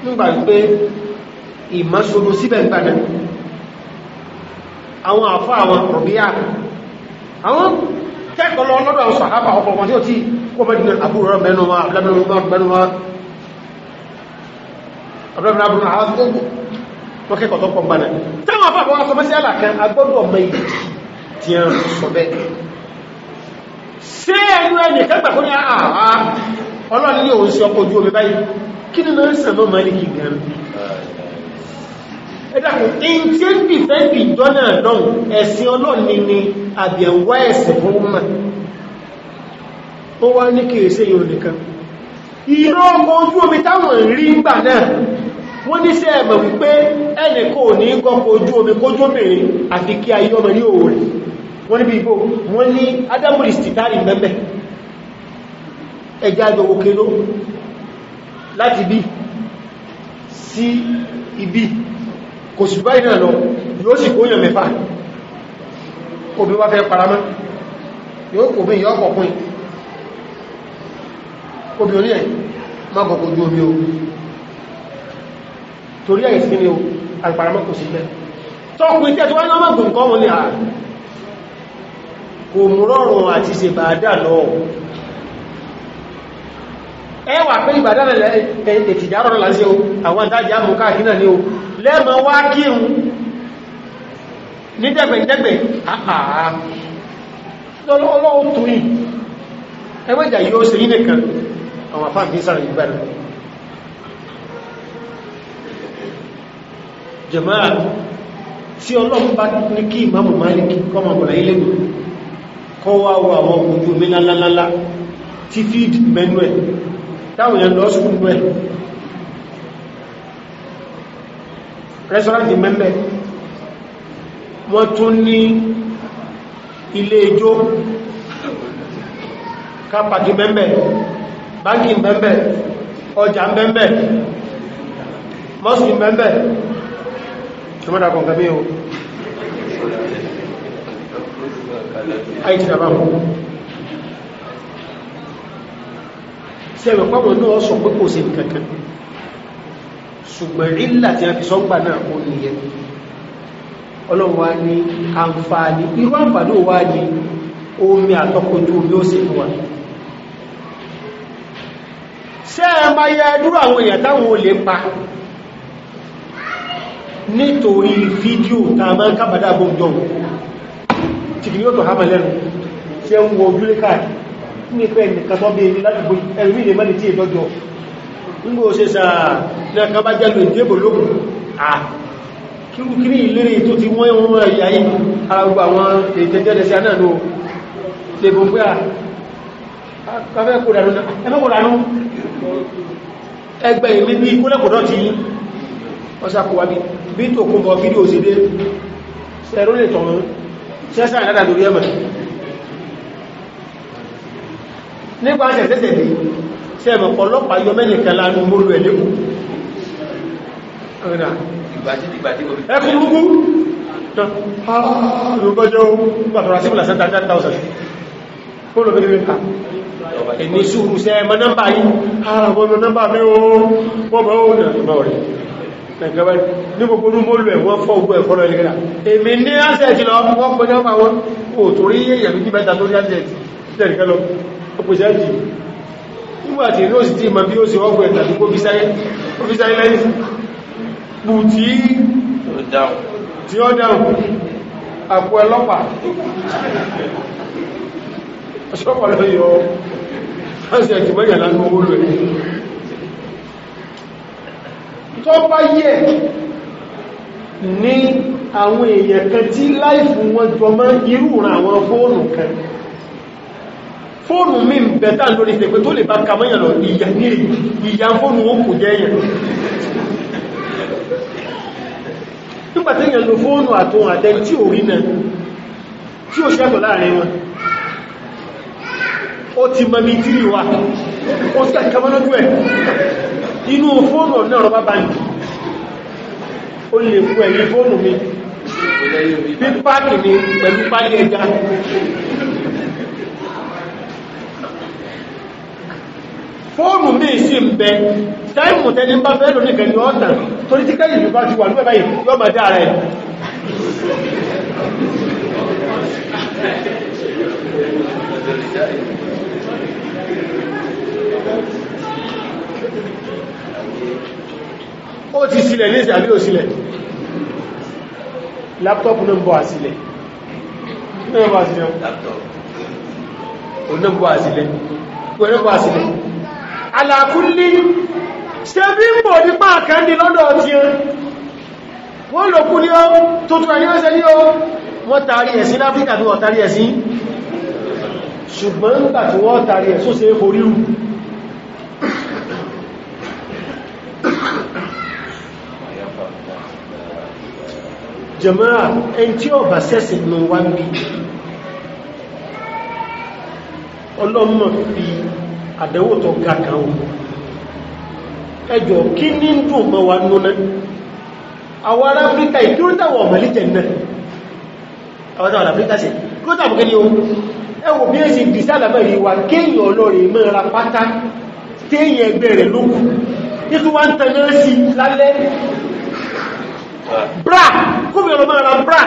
Speaker 2: nígbà pé ìmọ́sọ́dọ̀ síbẹ̀ gbádẹ̀ àwọn àfá àwọn rọ̀bíyà àwọn kẹ́kọ̀ọ́ lọ́dọ̀ àwọn sàhábà ọ̀pọ̀lọpọ̀ tí ó tí kó bẹ́ dínà àbúrò mẹ́nu wa abúrò mẹ́nu wa ọlọ́ni ní òun sí ọkọ̀ ojú omi báyìí kí ni máa ń sàmọ́ Málíkì gan ẹ̀dàkùn in tí ó bì fẹ́ bì dọ́nà lọ́hùn ẹ̀sìn ọlọ́ni ni àbẹ̀wọ́ ẹ̀sẹ̀ fún mà ó wá ní kìí sí yóò nìkan ìró ọmọ ojú omi táwọn rí ń gbà náà wọ́n ní sẹ́ ẹ̀mọ̀ wípé ẹnì kò ní gọ́kọ̀ ojú omi kójú obìnrin àti kí ayé ọmọ ní òwò rẹ̀ wọ́n níbi ìbò wọ́n ní adámùrìsì tààrí mẹ́mẹ́ ẹjá ìgbòwòkè ló láti bí sí ibi kò sì bá ìrìnà lọ yóò sì kó yàn mẹ́fà obì wá fẹ́ paramọ́ yóò kò bí yọ́ pọ̀pín obì orí ẹ̀ má kọ̀kọ̀ ojú omi o torí ẹ̀ sí o àparamọ́ kò sí bẹ́ tọ́kùn ìtẹ́ tó wáyé ọmọ gùn kọ́ wọn ni à kò mú rọrùn àti ṣe bàádà ẹwà pé ìbàdàn ètìjárọ̀ lásí o àwọn ìdájá mú káàkiri náà ní o lẹ́mọ̀ wá kírun ní dẹ́gbẹ̀dẹ́gbẹ̀ àà lọ́wọ́ tó yìí ẹwẹ́jà yóò ṣe yìí nìkan àwọn afá fi sára ìgbẹ̀rẹ̀ jẹ̀máà tí ọlọ́run bá ní kí ìmáàmù Málíkì kọmọ ọ̀rọ̀ ilé mi
Speaker 1: táwọn èèyàn lọ sùkúù nú ẹ̀
Speaker 2: rẹ́sọ́rántì mẹ́mẹ́ wọ́n tún ní ilé ijó kápàkì mẹ́mẹ́ báńkì mẹ́mẹ́ ọjà mẹ́mẹ́ mọ́sùn mẹ́mẹ́ ṣùgbọ́dà kọ̀ǹkan sẹ́wẹ̀ pàwọn náà sọ pé kò sí kankan ṣùgbọ́n ìlà tí a fi sọ́gbà náà ó nìyẹn ọlọ́wà ní àǹfààní irú àǹfààní ò wá ní omi àtọ́kọjú omi ó sì wà ṣẹ́ ẹ ma yẹ dúró àwọn èèyàn táwọn olè pa nítorí fídíò ní pé ẹnìkan tó bí i ládùgbò ẹ̀rùmí lè mẹ́lì tí ìdọ́jọ́ nígbò ṣe sàá ní ọkà bá jẹ́lù ìdébò lókùn à kíkiri ìlérí tó ti wọ́n ìwọ̀n ayé ara gbogbo àwọn ìtẹ́jẹ́lẹ̀ sí àná ló ṣe bó pé àkàfẹ́ kò dànù ẹgbẹ́ kò dànù ẹgbẹ́ ìmí bí kúlẹ̀kùdọ́ ti ọsàkùwà bí tó kún bọ̀ fídíò sí dé ṣẹ̀rọ lè tọ̀run ṣẹ́sà ìdádà lórí ẹ̀mẹ̀
Speaker 1: nípa tẹ̀tẹ̀tẹ̀dẹ̀
Speaker 2: ṣe mọ̀ ọlọ́pàá yọ mẹ́nìkan lánú mọ́lú ẹ̀lẹ́kù ẹkùn gúgú lọ́gbọ́jọ́ pàtàrà sí ìlàsẹ́ta 10,000 kó lọ bẹ̀rẹ̀ mẹ́ta ẹni sùúrù sẹ mọ́ nọ́mbà yìí ara wọn nọ́mbà mi ó wọ́n bọ́ ó nà rẹ̀ nàìjíríà ní gbogbo ní mọ́lù ẹ̀wọ́n fọ́ ogun ẹ̀kọ́lọ̀ ẹ̀lẹ́gbẹ̀rẹ̀ èmi ní áṣẹ́ ti lọ wọ́n pẹ̀lú ọmọ wọn ò torí èyàn méjì mẹ́ta lórí áṣẹ́ ti lẹ́rìnkẹ́ lọ òpòṣẹ́jì nígbàtí ló sì tí ma bí ó sì ọgbọ̀ ẹ̀ tàbí kó fi sáré lẹ́yìn pù tí ó dáhùn àpò ẹlọ́pàá ọ̀ṣọ́pàá lọ yọ ọ̀ṣẹ́ ìtìmọ́yà lánú owó lórí tó bá yẹ ní àwọn èèyàn kan tí láìfù wọn jọmọ́ irú ìràn àwọn fóònù kan fóònù mi ń bẹ̀tà lórí ìfẹ̀gbẹ̀ tó lè bá kàmọ́yàn lọ ìyà ní ìyà fóònù ó kò jẹ́ yẹn nígbàtí èyàn lo fóònù àtòhùn àtẹ́ tí ò rí náà tí ó ṣẹ́kọ̀ láàrin wọn ó ti mami tírì wa ó sì kàmọ́lójú ẹ̀ inú fóònù náà rọ bábá ní ó lè fún ẹ̀yìn fóònù mi fóònù ní ìsí ń bẹ táìmù tẹni bá fẹ́ lónìí kẹni ọ̀tàn torí tí kẹ́yìn ìlú bá ti wà ní bẹ̀bẹ̀ yóò mọ̀ dá rẹ̀
Speaker 1: ó ti sílẹ̀ ní ìsàbí ò sílẹ̀
Speaker 2: láptọ́pù ní ń bọ́ àsílẹ̀ ní ń bọ́ àsílẹ̀ àlàkúlí ṣe bí ń bò ní pàkẹ́ ní lọ́dọ̀ ti
Speaker 1: wọ́n lò kú ní ọ tó tún àyíwá ṣe ní ọ
Speaker 2: wọ́n tàrí ẹ̀sí láfíríkà bí wọ́n tàrí ẹ̀sí ṣùgbọ́n nígbà tí wọ́n tàrí ẹ̀só ṣe é foríru jama'a ẹn tí ó bá sẹ́sì nù wá ń bí ọlọ́mọ̀ fi àdẹ̀wò tó ga kan o ẹjọ́ kí ní ń dùn mọ́ wa núná àwọn ará Áfíríkà yìí kí ló dáwọ̀ ọ̀mọ̀lẹ́ jẹ̀ náà àwọn táwọn Áfíríkà sí o ẹwọ bí èsì dìsí àlàbẹ̀ yìí wà kéèyàn ọlọ́rẹ̀ mẹ́ra pátá téèyàn ẹgbẹ́ rẹ̀ lókù nítorí wọ́n ń tẹ̀lé sí lálẹ́ bra kóbi ọlọ́mọ ara bra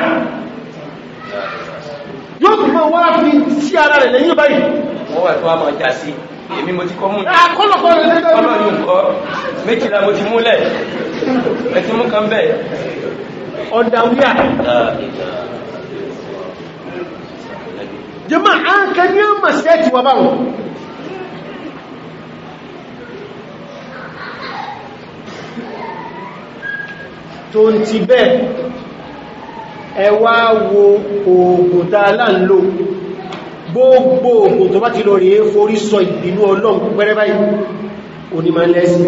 Speaker 2: yóò tún mọ́ wá fi sí ara rẹ̀ lẹ́yìn báyìí wọ́n wà tó wá mọ́ já sí èmi mo ti kọ́ mú ní ọlọ́rin nǹkọ́ méjìlá mo ti múlẹ̀ ẹ̀tí mú kan bẹ́ẹ̀ ọ̀dà wíà jẹ́mà á ń kẹ́ ní ọmọ sẹ́ẹ̀tì wà báwọn
Speaker 1: tó ń ti bẹ́ẹ̀
Speaker 2: ẹwà wo oògùn tààlà ń lò gbogbo ògùn tó bá ti lọ rèé forí sọ ìbínú ọlọ́run pẹ́rẹ́ báyìí onímọ̀ lẹ́sí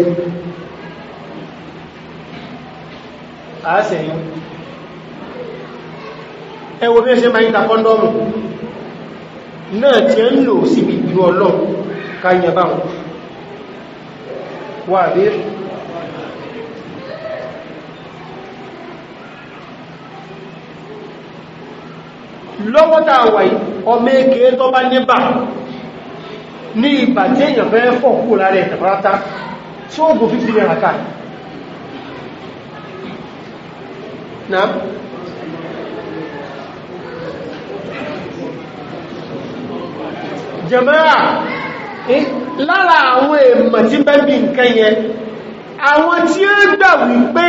Speaker 2: àásẹ̀yìn ẹwọ bí ẹ ṣe máa ń ta kọ́ndọ́mù náà tí ẹ ń lò síbi ìbínú ọlọ́run káyẹ báwọn wà bẹ́ẹ̀ lọ́wọ́ tàà wà yìí ọmọ èké tó bá níbà ní ìbà tí èyàn fẹ́ fọ́ kúrò lára ẹ̀ tàbátá tí ó gùn fífí náà ká
Speaker 1: náà jẹmọ́ra
Speaker 2: lára àwọn èèmọ̀ tí bẹ́bí nǹkan yẹn àwọn tí ó gbà wípé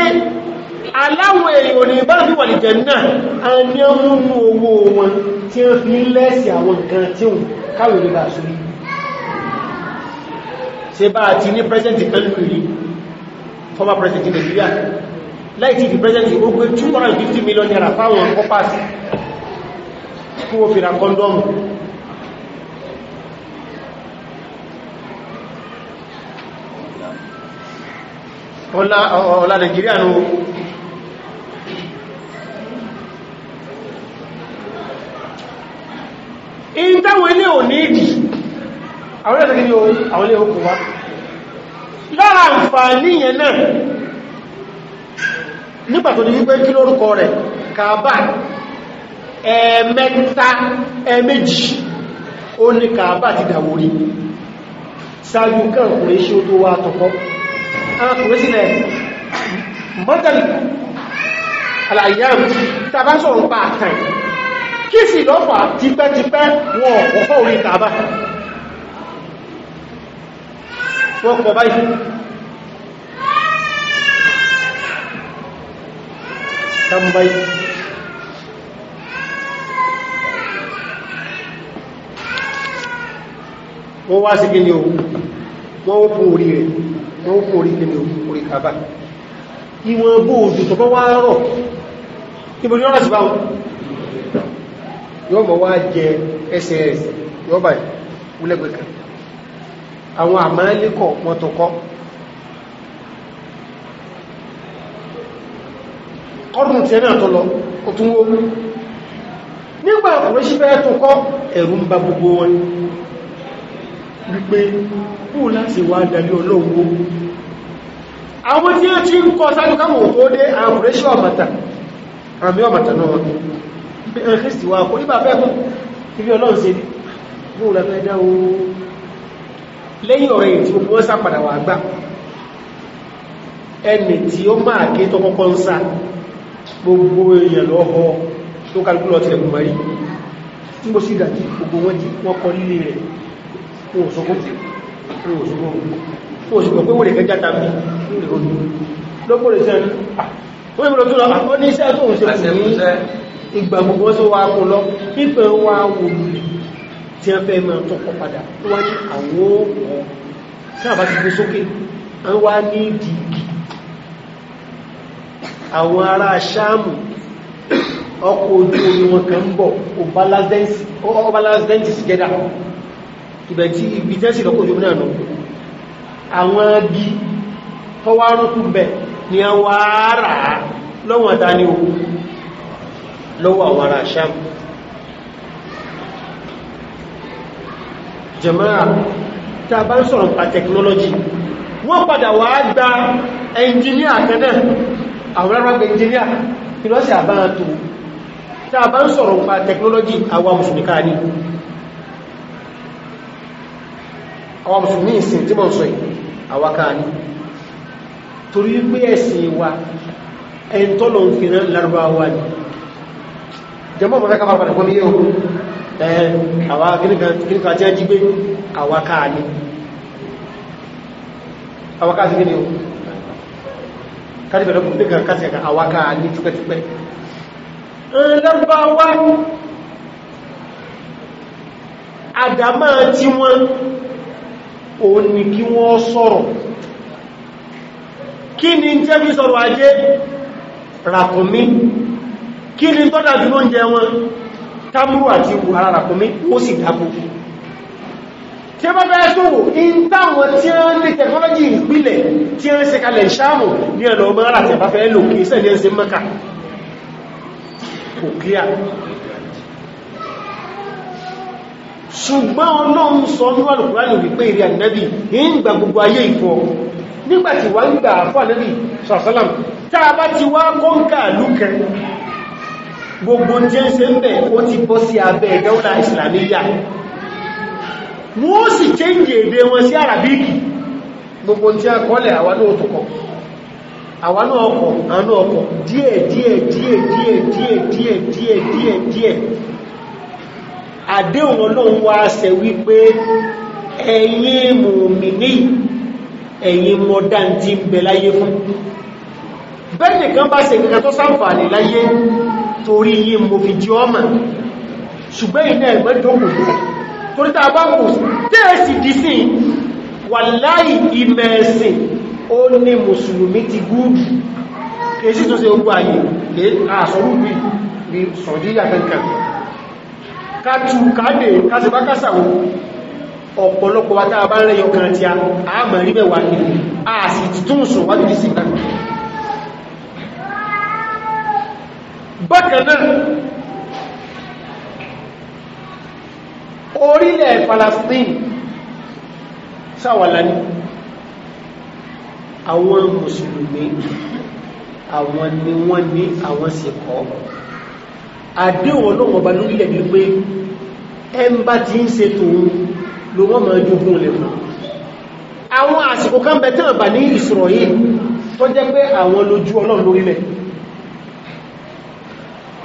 Speaker 2: aláwọn èèyàn ní bá fi wà ní jẹ́nà a ní ọmúnú owó wọn tí ó fi lẹ́sì àwọn nǹkan tí ó káwẹ̀ lè bá sórí ṣe bá ti ní president pẹ̀lúrí former president Nigeria láìtí ìdí president ó gbé 250 million naira fáwọn copas kí wọ́n fi ra kọ́ndọ́mù ọlá Nigeria nù in táwọn ilé ò ní ìdí àwọn ilé ìdí àwọn ilé òkú wá lára àǹfààní yẹn náà nígbà tó ní wípé kí lórúkọ rẹ̀ kàábà ó ní kàábà ti dàwórí sáájú kan ṣe ó tó wá tọ́kọ́ arákùnrin sọ̀rọ̀ pa kí sì lọ́fà tipẹ́tipẹ́ wọn ọ̀pọ̀ orí kàbá wọ́n pọ̀ báyìí tambayi wọ́n wá sí gíní ohun wọ́n kún orí rẹ̀ wọ́n kún orí gíní orí kàbá ìwọ̀n bóòdù tó wá rọ̀ ìbòdì ọ̀rọ̀ sí báwọn yóò mọ̀ wá jẹ ẹsẹ̀ ẹsẹ̀ yóò bá wúlẹ̀gbẹ̀ kan àwọn àmàlẹ́kọ̀ wọn tó kọ́ ọdún tí ẹ̀nà tó lọ kò tún wó nígbà ọ̀rẹ́sí bẹ́ẹ̀ tó kọ́ ẹ̀rù ń ba gbogbo wọn wípé kú láti wá dalí olóòwò àwọn tí ó ti ń kọ sáàdùkámù òkú ó dé àwọn náà kristi wa kò nígbà fẹ́kùn ibi ọlọ́run ṣe ní bóò lọ́fẹ́ dá o lẹ́yìn ọ̀rẹ́ ìtí gbogbo wọ́n sápadà wà gbà ẹni tí ó máa ké tọkọ́kọ́ ń sá gbogbo èèyàn lọ́họ́ tó kálukú lọ tilẹ̀kùn mọ́rí tí mo sì dàjí gbogbo wọn jí wọ́n kọ lílé rẹ̀ wọn ò sọ́gbọ́n wọn ò sọ́gbọ́n wọn ò sọ́gbọ́n pé wọ́n lè kẹjá tàbí lọ́gbọ́n lè sẹ́ni wọ́n lè ìgbà gbogbo tó wá kún lọ pípẹ́ wá wò tí wọ́n fẹ́ máa tọ́kọ padà tó wá ní àwọn ọ̀pọ̀ tí àbá ti gbé sókè wọ́n wá ní ìdíkì àwọn ará sáàmù ọkọ̀ ojú omi wọn kan bọ̀ ọbalazẹ́ntì sí jẹ́dà ìbẹ̀ ni àwọn ará lọ́wọ́n lọ́wọ́ àwọn ará Sham jẹmọ́ra tá a bá ń sọ̀rọ̀ pa technology wọ́n padà wà á gba ẹnjìníà kẹ́nẹ̀ àwọn ará ẹnjìníà kí lọ́sẹ̀ àbára tó a bá ń sọ̀rọ̀ pa technology àwa mùsùlùmí káà ní àwa mùsùlùmí ìsìn tí mọ̀ sọ àwa káà ní torí pé ẹ̀sìn ẹ̀ntọ́lọ̀ ń lárúbáwá ni jẹmọ́ mọ́ fẹ́kọ́ fàbàlẹ̀ fún yíò àwọn akínìkà tí a jí gbé àwákà ní àwákà sí gíní o káàkiri ọdún nígbà kásìkà àwákà ní túpẹ́túpẹ́ lọ́gbàwá àdámá tí wọ́n ò ní kí wọ́n sọ̀rọ̀ kí ni jẹ́ bí sọ̀rọ̀ kí ni tọ́dà bí ló ń jẹ wọn tábúrú àti ìwò ara ràkúnmí ó sì dábò tí a bá bẹ́ẹ̀ sówò in táwọn tí a ní tẹ̀kọ́lọ́jì ìpìlẹ̀ tí a ń ṣe kalẹ̀ ìṣàmù ní ọ̀nà ọmọ ara tí a bá fẹ́ lò kí iṣẹ́ ní ẹsẹ mẹ́ka kò ti wá kọ́ńkà lúkẹ́ gbogbo tí ń ṣe ń bẹ̀ ó ti bọ́ sí abẹ́ dawla islamiyya wọ́n sì change èdè wọn sí arabiki gbogbo tí a kọ́lẹ̀ àwọn náà tó kọ àwọn náà ọkọ̀ àwọn ọkọ̀ díẹ̀ díẹ̀ díẹ̀ díẹ̀ díẹ̀ díẹ̀ díẹ̀ díẹ̀ díẹ̀ àdéhùn ọlọ́run wá ṣẹ wípé ẹ̀yin mùmìnì ẹ̀yin mọ̀dántí ń bẹ láyé fún bẹ́ẹ̀ nìkan bá ṣe kankan tó ṣàǹfààní láyé torí yí mo fi jí ọmọ ṣùgbẹ́ iná ẹ̀mọ́ ìdókò torí tàà bá kò tẹ́ẹ̀sì dìsí wàláhì ìmẹ̀ẹ̀sìn ó ní mùsùlùmí ti gúúdù kèsí tó ṣe ogun ayé lè àṣọ́rùgbì ní sọ̀díyà kankan kátù káàdè kásìbákásàwò bákan náà orílẹ̀ Palestine sáwàlá ní àwọn mùsùlùmí àwọn ni wọ́n ní àwọn sì kọ́ àdéhùn ọlọ́wọ́ bá lórílẹ̀ ní pé ẹmbá ti ń se tòun ló wọ́n máa jogún lè fún àwọn àsìkò kan bẹ̀ tẹ́wọ̀n bà ní Ísírẹ́lì tó jẹ́ pé àwọn lójú ọlọ́run lórílẹ̀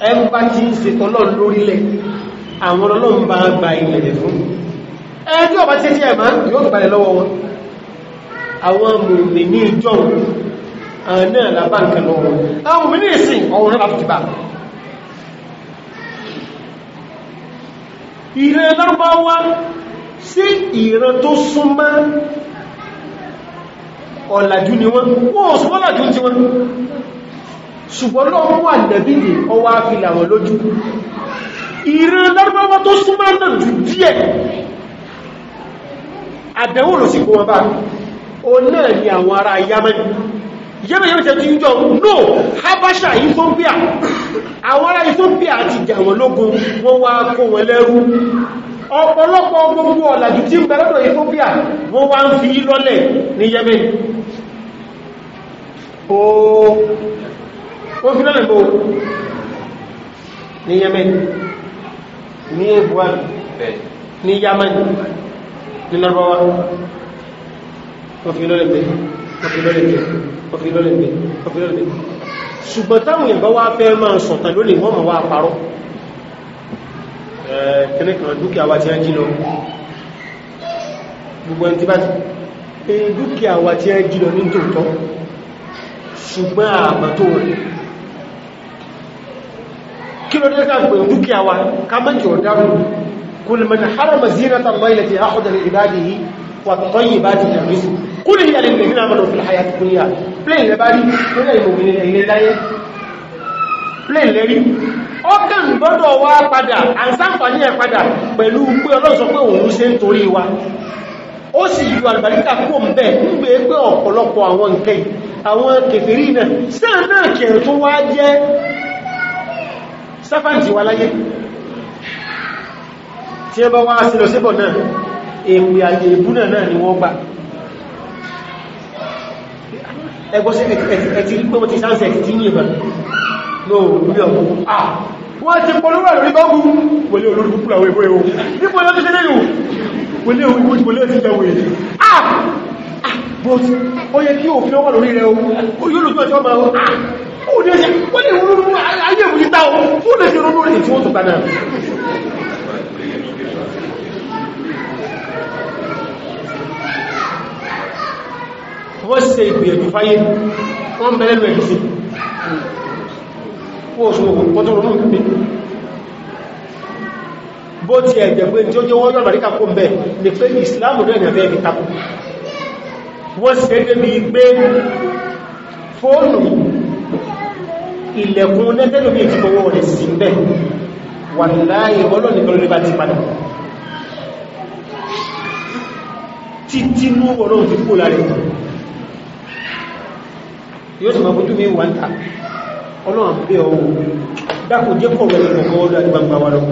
Speaker 2: ẹgbà tí ń se tọ́lọ́n lórílẹ̀ àwọn ọlọ́run bá gba ilẹ̀ fún ẹni ọba tí tí ẹ̀má yóò tó balẹ̀ lọ́wọ́ wọn àwọn mùrùnmí ní ìjọ àná làbá nǹkan lọ́wọ́ àwọn mùrùnmí ní ìsìn ọ̀run náà láti bá ìran lárúbáwá sí ìran tó súnmọ́ ọ̀làjú ni wọ́n wọ́n súnmọ́ ọ̀làjú ti wọ́n ṣùgbọ́n lọ́wọ́ wà nẹ̀bí ní ọwá fìlà wọn lójú ìran lọ́rọ̀mọ́ tó súnmọ́ náà jù díẹ̀ àdẹ̀wò lò sí kọwọ́ bá o náà ni àwọn ará Yamani Yamani yóò tẹ́tí no Habasha Ethiopia àwọn ará Ethiopia àti ìjàwọn lógun wọ́n wá kó wọn lẹ́rú ọ̀pọ̀lọpọ̀ gbogbo ọ̀làjú tí ń bẹ̀rẹ̀ Ethiopia wọ́n wá ń fi lọ́lẹ̀ ní Yamani ó fi lọ́nà bó ní yemen ní ebuwan ní yaman ní lọ́rọ̀wá ó fi lọ́nà bẹ̀ ó fi lọ́nà bẹ̀ ó fi lọ́nà bẹ̀ ó fi lọ́nà bẹ̀ ṣùgbọ́n táwọn ìbá wá fẹ́ máa sọ̀tàn ló lè wọ́n mọ̀ wá parọ́ kẹ́lẹ́kàn dúkìá wá ti ẹjí lọ gbogbo ẹni tí bá ti pé dúkìá wá a ẹjí lọ ní tòótọ́ ṣùgbọ́n àmà tó rẹ̀ kí ló dé ká pè dúkìá wa ká mẹ́jọ dáhùn kul man harama zinata allahi lati akhadha li ibadihi wa tayyibati min rizq qul hiya lil ladina amanu fil hayati dunya plane le bari to le mo ni ilé láyé plane le ri o kan gbọ́dọ̀ wá padà an sanfani e padà pẹ̀lú pé Ọlọ́run sọ pé òun ṣe nítorí wa náà sáà sáfàǹtì wà láyé tí ẹ bá wá sí lọ síbọ̀ náà èpè àyè ìbúnà náà ni wọ́n gbà ẹgbọ́ sí ẹ̀tì rí pé wọ́n ti sáńsẹ̀ ti ní ìbọn no orí ah wọ́n ti polówà lórí bọ́ọ̀bù wọlé olórí o nípo ló ti tẹ́lẹ̀ yìí wọlé òun wọlé ti jẹ wòye ah but ó yẹ kí òfin ọwọ́ lórí rẹ o yóò lò tó ẹ̀ṣọ́ máa ah, ó ní ó nígbà náà wọ́n ṣe ìgbìyànjú fáyé wọ́n bẹ̀rẹ̀ lọ ìlúṣe
Speaker 1: wọ́n ṣe ogun kọ́ tó rọ̀ mún pín bó ti ẹ̀jẹ̀ pé tí ó
Speaker 2: jẹ́ wọ́n lọ́nà ríkà kó mẹ́ ní pé ìsìláàmù náà ní abẹ́ ìtakù wọ́n ṣe débi pé fóònù ilẹ̀kùn nẹ́tẹ́lómi ìfipọwọ́ wà láàyè ọlọ́ni pẹ̀lú bá ti padà títí mú ọlọ́run ti kó láre yóò sì máa bójú mi wà ń ta ọlọ́run bẹ́ ọwọ́ dákùn jẹ́ pọ̀ rẹ̀ lọ́kọ́ ọlọ́run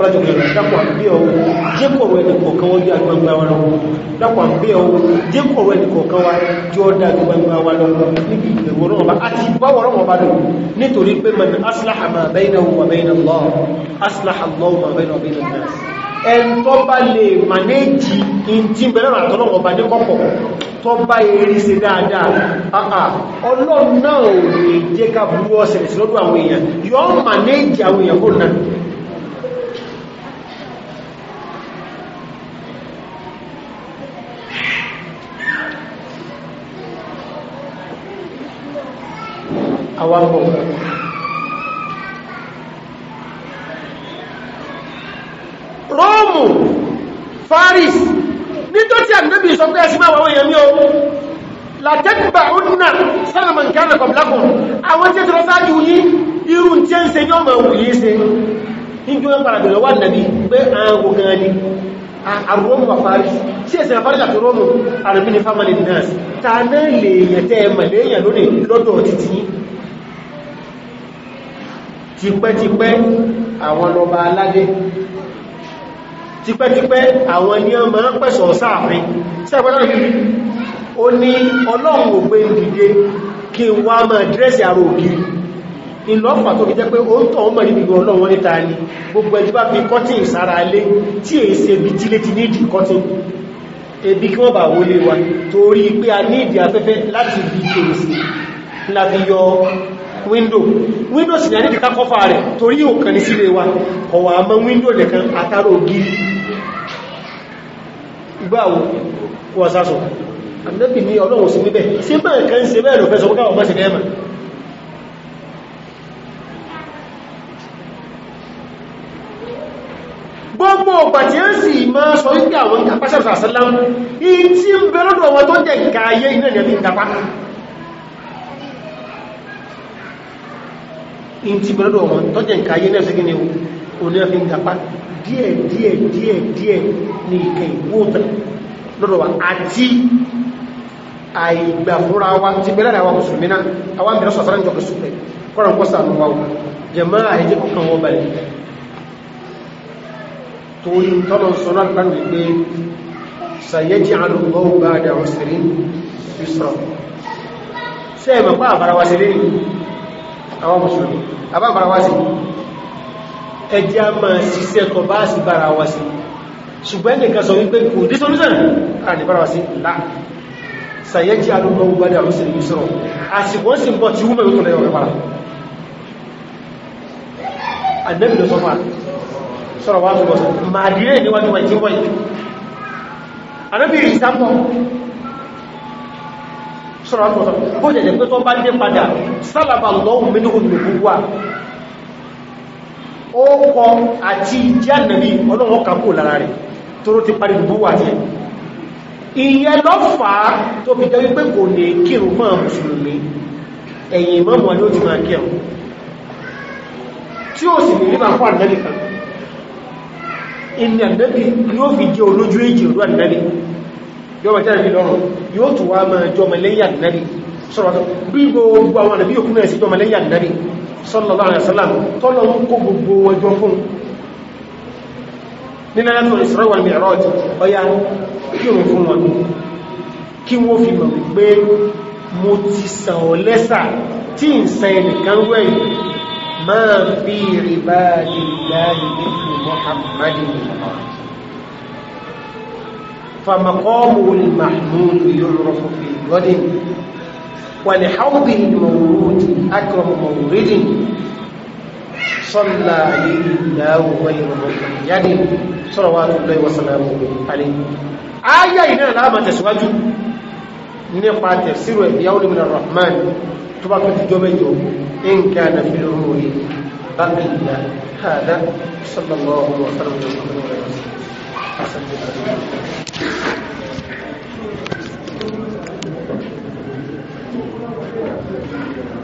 Speaker 2: fọ́lájọ́kùnrin dákùn àbí ọwọ́ jẹ́kọ̀ọ̀rọ̀ ẹni kọ̀ọ̀kan wọ́n jẹ́ agbangba wa lọ́wọ́ dákùn àbí ọwọ́ jẹ́kọ̀ọ̀rọ̀ ẹni kọ̀ọ̀kan wá jọ dá agbangba wa lọ́wọ́ níbi ìgbẹ̀wọ̀rọ̀ ọba àti báwọ̀rọ̀ ọba lọ aslaha ma bainahu wa bain aslaha Allah ma bainahu wa bain an-nas ẹn tó bá lè manéjì ìntí bẹ̀rẹ̀ àtọ́nà ọba ní kọ́kọ̀ tó bá eré ṣe dáadáa àà ọlọ́run náà ò lè jẹ́ ká awapọ̀ róòmù faris nítorí tí ànábì sọ pé ẹsìn máa wọ́n yẹn ní o látẹ́gbà òdínà sálàmà nǹkan kọ̀blákùn àwọn tí ó tọ́rọ sáájú yí irú tí ó ń ṣe ní ọmọ òun yìí ṣe níjú ẹ pàdà bẹ̀rẹ̀ wà nàbí pé àwọn ogun ni àrùn wà faris sí ẹ̀sìn àfáríkà tó rọ́mù àrùn ní family nurse ta náà lè yẹ̀tẹ́ mẹ̀lẹ́yìn lónìí lọ́dọ̀ títí tipẹ́tipẹ́ àwọn lọba aládé tipẹ́tipẹ́ àwọn ní ọmọ pẹ̀sọ̀ sáàfin sẹ́pẹ́lẹ́ ó ní ọlọ́run ògbé ìdìde kí wá máa dírẹ́sì àrò ògiri ìlọ́pàá tó fi jẹ́ pé ó ń tọ̀ ọmọ níbi ọlọ́run níta ni gbogbo ẹjú bá fi kọ́tìn sára alé tí èyí ṣe bí tí lé ti ní ìdí kọ́tìn ebi kí wọ́n bà wọlé wa torí pé a ní ìdí afẹ́fẹ́ láti bí kèrèsì láti yọ window window sì ní a ní kíká kọfà rẹ̀ torí òkan ní sílé wa ọ̀wà àmọ́ window nìkan àtàrà ògiri ìgbàwó wà sásọ̀ àdẹ́bì ní ọlọ́run sí níbẹ̀ sí bá nǹkan ṣe bẹ́ẹ̀ lọ fẹ́ sọ pé káwọn mọ́sí gẹ́ẹ̀mà gbogbo ọgbà tí ó sì máa sọ wípé àwọn ìtàpáṣẹ́ in ti bẹ̀rẹ̀ ọmọ tọ́jẹ̀ nǹkan ayé náà sígi ni òní ọ̀fí ń gapá díẹ̀ díẹ̀ díẹ̀ díẹ̀ ní ìkẹ ìwóòtẹ̀ lọ́dọ̀ wa àti àìgbàfúra wa ti bẹ̀rẹ̀ àwọn mùsùlùmí náà àwọn mìíràn sọ̀tọ́rọ̀ ìjọ kẹsùpẹ̀ kọ́rọ̀ kọ́sà àwọn wa jẹ̀mọ́ àìjẹ́ kọ̀kan wọ́n balẹ̀ torí tọ́lọ sọ́nà gbánu wípé sàyẹ́jì alùgbọ́ àwọn mùsùlùmí abáfara wá sí ẹjẹ́ a máa ṣiṣẹ́ kọ bá sì bára wá sí ṣùgbọ́n nìkan sọ wípé kò dí solúsàn àti bára wá sí là sàyẹ́jì alúgbọ́n gbádẹ àwọn sí ìlú sọ̀rọ̀ àsìkò sì ń bọ̀ tí wúmọ̀ yóò tọ́lẹ̀ ọ̀rẹ́ para àdẹ́bì lọ sọ́fà sọ̀rọ̀ wá tó bọ̀ sọ̀rọ̀ màdìrẹ́ níwájú wáyé tí ó wáyé sọ́rọ̀ àpọ̀sọ̀ bó jẹ̀jẹ̀ pé tó bá dé padà sálàbà lọ́wọ́ mẹ́lúhùn nìbú wà ó kọ àti ìjẹ́ ànàbí ọlọ́wọ́ kàkó lára rẹ̀ tóró ti parí nìbú wà sí ìyẹn lọ́fà tó fi jẹ́ wípé kò ní kírun mọ́ mùsùlùmí ẹ̀yìn ìmọ̀mù wa ni ó ti máa kírun
Speaker 1: tí ó sì ní nígbà fún ànàbí kan
Speaker 2: ìní ànàbí ni ó fi jẹ́ yóò bá tẹ́rẹ̀ lọ́rùn yóò tún wá máa jọmọ lẹ́yìn àdínábì sọ́rọ̀tọ̀ bí gbogbo àwọn àdàbí òkú náà sí jọmọ lẹ́yìn àdínábì sallallahu alaihi wasallam tọ́lọ ń kó gbogbo wọn jọ fún nínú látọ̀ Isra wal Mi'raj ọya kírùn fún wọn kí فمقامه المحمود يعرف في غد ولحوضه المورود أكرم مورد صلى عليه الله غير مقيد صلوات الله وسلامه عليه آية هنا لا ما تسواجه nípa tẹ̀sírò ẹ̀yà من الرحمن tó bá tó ti jọ mẹ́jọ in ká na fi lórí bákan ìyá hada
Speaker 1: Thank you.